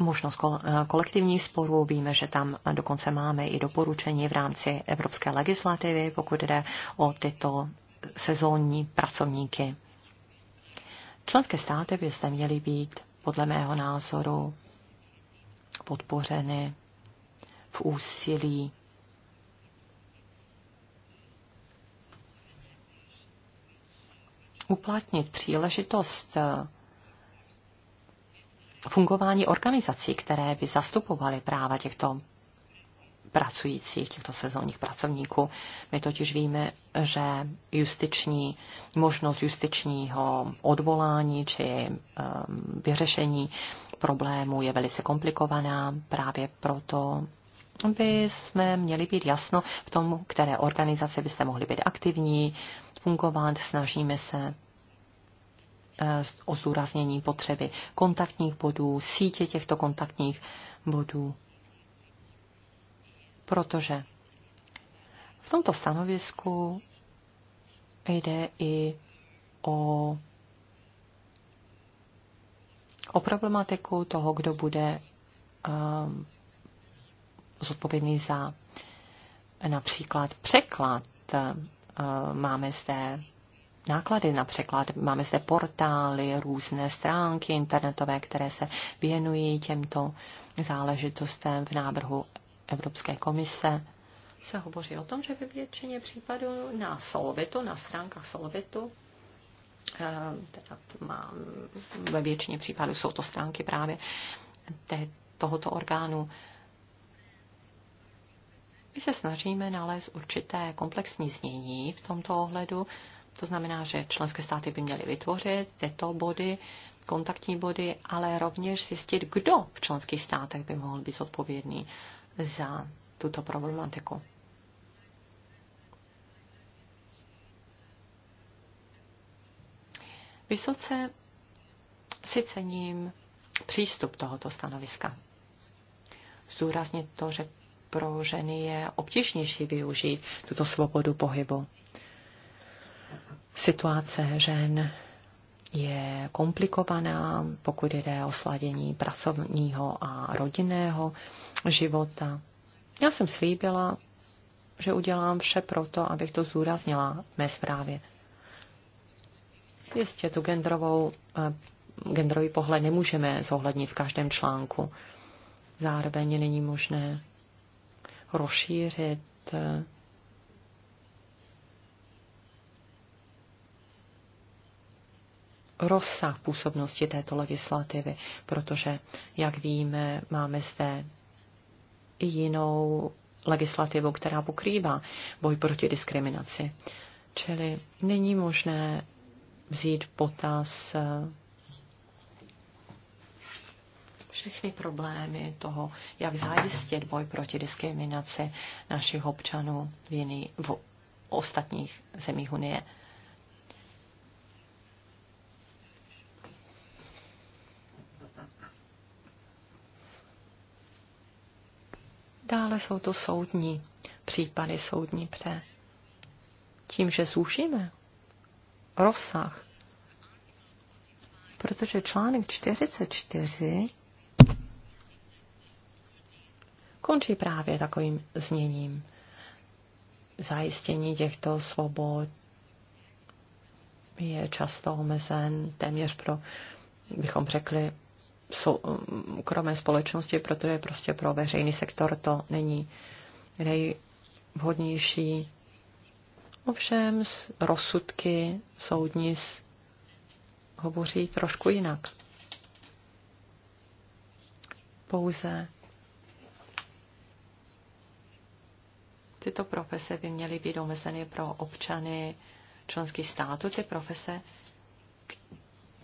možnost eh, kolektivní sporu. Víme, že tam dokonce máme i doporučení v rámci evropské legislativy, pokud jde o tyto sezónní pracovníky. Členské státy by zde měly být, podle mého názoru, podpořeny v úsilí uplatnit příležitost eh, fungování organizací, které by zastupovaly práva těchto pracujících, těchto sezónních pracovníků. My totiž víme, že justiční, možnost justičního odvolání či ehm, vyřešení problému je velice komplikovaná. Právě proto by jsme měli být jasno v tom, které organizace byste mohli být aktivní, fungovat, snažíme se Eh, o zúraznění potřeby kontaktních bodů, sítě těchto kontaktních bodů. Protože v tomto stanovisku jde i o, o problematiku toho, kdo bude um, zodpovědný za například překlad. Um, máme zde náklady například. Máme zde portály, různé stránky internetové, které se věnují těmto záležitostem v návrhu Evropské komise. Se hovoří o tom, že ve většině případů na Solvitu, na stránkách Solvitu, eh, teda mám, ve většině případů jsou to stránky právě te, tohoto orgánu, my se snažíme nalézt určité komplexní znění v tomto ohledu, to znamená, že členské státy by měly vytvořit tyto body, kontaktní body, ale rovněž zjistit, kdo v členských státech by mohl být odpovědný za tuto problematiku. Vysoce si cením přístup tohoto stanoviska. Zdůraznit to, že pro ženy je obtížnější využít tuto svobodu pohybu. Situace žen je komplikovaná, pokud jde o sladění pracovního a rodinného života. Já jsem slíbila, že udělám vše proto, abych to zdůraznila v mé zprávě. Jistě tu genderovou, eh, genderový pohled nemůžeme zohlednit v každém článku. Zároveň není možné rozšířit eh, rozsah působnosti této legislativy, protože, jak víme, máme zde i jinou legislativu, která pokrývá boj proti diskriminaci. Čili není možné vzít potaz eh, všechny problémy toho, jak zajistit boj proti diskriminaci našich občanů v, jiný, v ostatních zemích Unie. Dále jsou to soudní případy, soudní pře. Tím, že zúžíme rozsah, protože článek 44 končí právě takovým zněním. Zajištění těchto svobod je často omezen téměř pro, bychom řekli, soukromé společnosti, protože prostě pro veřejný sektor to není nejvhodnější. Ovšem rozsudky soudní hovoří trošku jinak. Pouze tyto profese by měly být omezeny pro občany členských států. Ty profese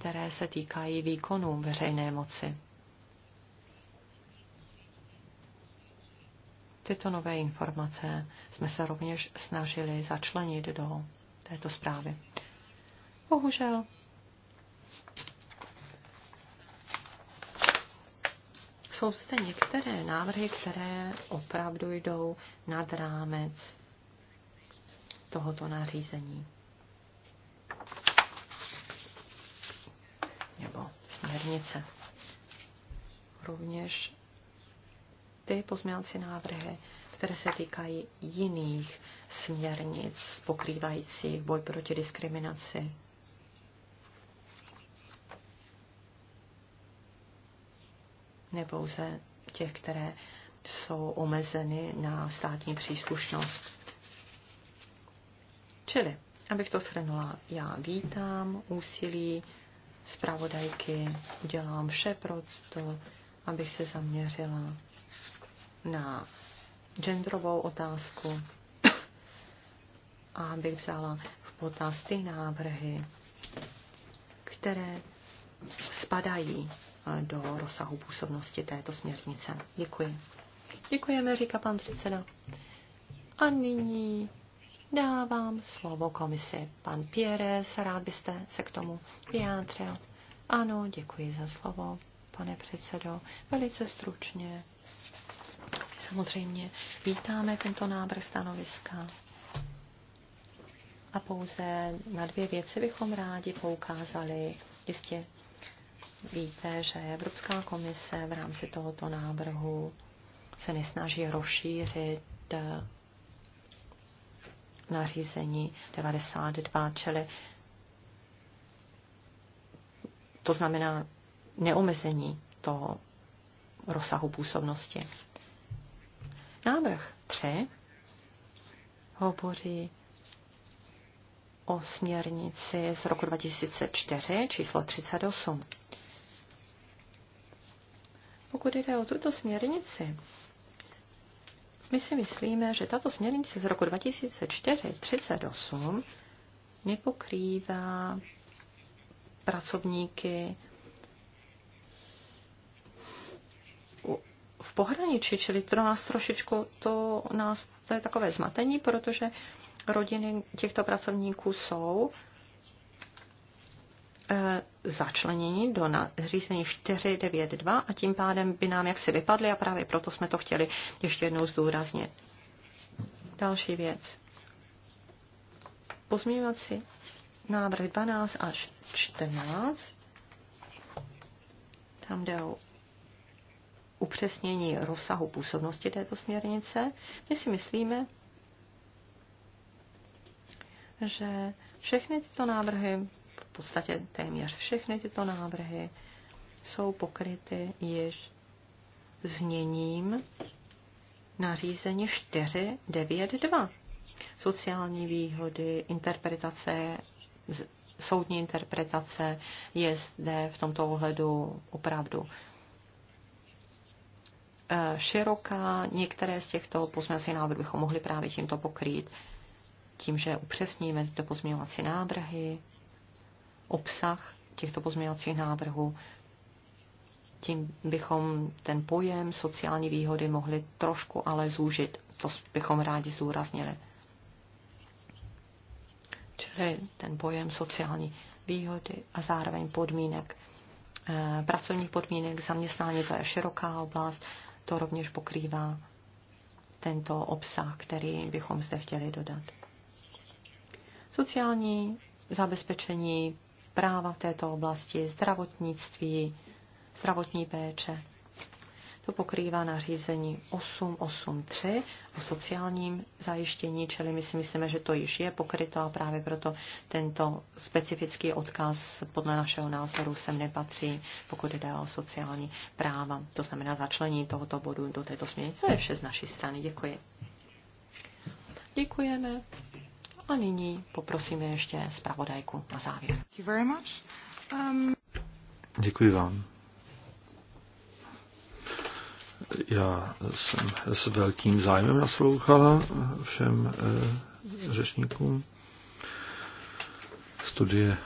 které se týkají výkonů veřejné moci. Tyto nové informace jsme se rovněž snažili začlenit do této zprávy. Bohužel jsou zde některé návrhy, které opravdu jdou nad rámec tohoto nařízení. nebo směrnice. Rovněž ty pozměňovací návrhy, které se týkají jiných směrnic pokrývajících boj proti diskriminaci. Nepouze těch, které jsou omezeny na státní příslušnost. Čili, abych to shrnula, já vítám úsilí zpravodajky udělám vše pro to, abych se zaměřila na genderovou otázku a abych vzala v potaz ty návrhy, které spadají do rozsahu působnosti této směrnice. Děkuji. Děkujeme, říká pan předseda. A nyní Dávám slovo komisi. Pan Pieres, rád byste se k tomu vyjádřil. Ano, děkuji za slovo, pane předsedo. Velice stručně. Samozřejmě vítáme tento návrh stanoviska. A pouze na dvě věci bychom rádi poukázali. Jistě víte, že Evropská komise v rámci tohoto návrhu se nesnaží rozšířit nařízení 92, čili to znamená neomezení toho rozsahu působnosti. Návrh 3 hovoří o směrnici z roku 2004 číslo 38. Pokud jde o tuto směrnici, my si myslíme, že tato směrnice z roku 2004-38 nepokrývá pracovníky v pohraničí, čili to nás trošičku, to, nás, to je takové zmatení, protože rodiny těchto pracovníků jsou eh, začlenění do řízení 492 a tím pádem by nám jaksi vypadly a právě proto jsme to chtěli ještě jednou zdůraznit. Další věc. Pozměňovací návrh 12 až 14. Tam jde o upřesnění rozsahu působnosti této směrnice. My si myslíme, že všechny tyto návrhy v podstatě téměř všechny tyto návrhy jsou pokryty již zněním nařízení 492. Sociální výhody, interpretace, soudní interpretace je zde v tomto ohledu opravdu eh, široká. Některé z těchto pozměňovacích návrhů bychom mohli právě tímto pokrýt, tím, že upřesníme tyto pozměňovací návrhy, obsah těchto pozměňovacích návrhů. Tím bychom ten pojem sociální výhody mohli trošku ale zúžit. To bychom rádi zdůraznili. Čili ten pojem sociální výhody a zároveň podmínek, eh, pracovních podmínek, zaměstnání, to je široká oblast, to rovněž pokrývá tento obsah, který bychom zde chtěli dodat. Sociální zabezpečení práva v této oblasti, zdravotnictví, zdravotní péče. To pokrývá nařízení 883 o sociálním zajištění, čili my si myslíme, že to již je pokryto a právě proto tento specifický odkaz podle našeho názoru sem nepatří, pokud jde o sociální práva. To znamená začlení tohoto bodu do této směny. To je vše z naší strany. Děkuji. Děkujeme. A nyní poprosíme ještě zpravodajku na závěr. Um, Děkuji vám. Já jsem s velkým zájmem naslouchala všem e, řečníkům studie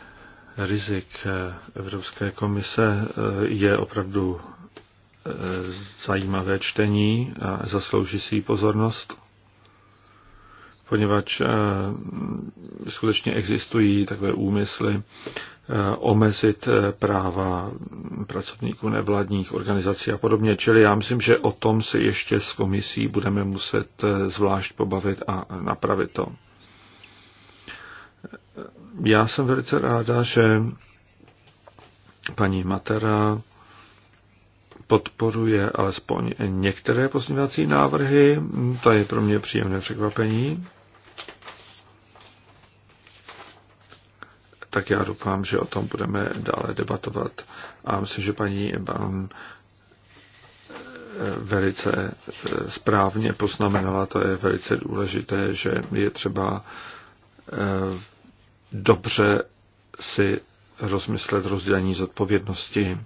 rizik eh, Evropské komise eh, je opravdu zajímavé čtení a zaslouží si pozornost poněvadž eh, skutečně existují takové úmysly eh, omezit eh, práva pracovníků nevládních organizací a podobně. Čili já myslím, že o tom se ještě s komisí budeme muset zvlášť pobavit a napravit to. Já jsem velice ráda, že paní Matera podporuje alespoň některé pozměňovací návrhy. To je pro mě příjemné překvapení. tak já doufám, že o tom budeme dále debatovat. A myslím, že paní Baron eh, velice eh, správně poznamenala, to je velice důležité, že je třeba eh, dobře si rozmyslet rozdělení zodpovědnosti.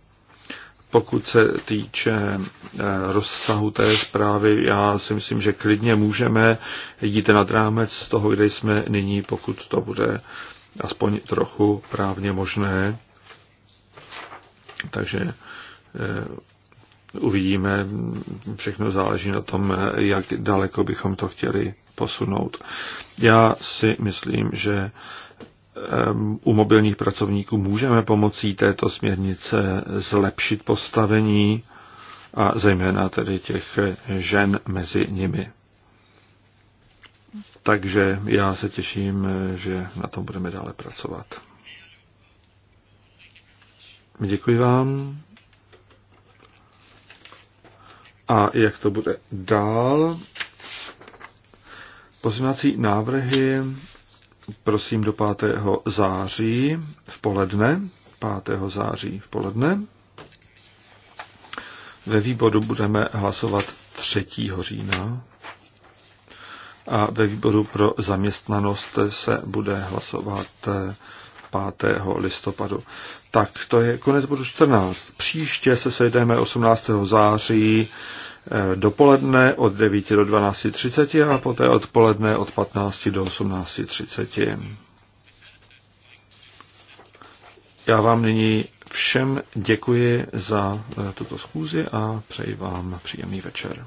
Pokud se týče rozsahu té zprávy, já si myslím, že klidně můžeme jít nad rámec toho, kde jsme nyní, pokud to bude aspoň trochu právně možné. Takže e, uvidíme, všechno záleží na tom, jak daleko bychom to chtěli posunout. Já si myslím, že e, u mobilních pracovníků můžeme pomocí této směrnice zlepšit postavení a zejména tedy těch žen mezi nimi. Takže já se těším, že na tom budeme dále pracovat. Děkuji vám. A jak to bude dál? Pozměňovací návrhy prosím do 5. září v poledne. 5. září v poledne. Ve výboru budeme hlasovat 3. října a ve výboru pro zaměstnanost se bude hlasovat 5. Eh, listopadu. Tak to je konec bodu 14. Příště se sejdeme 18. září eh, dopoledne od 9 do 12.30 a poté odpoledne od 15 do 18.30. Já vám nyní všem děkuji za eh, tuto schůzi a přeji vám příjemný večer.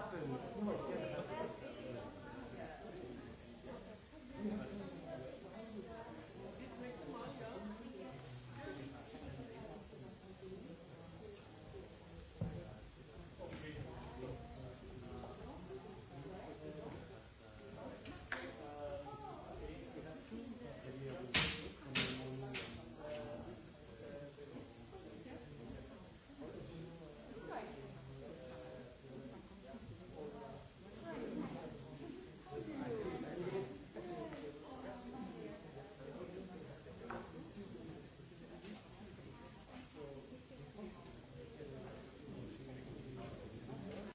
happen?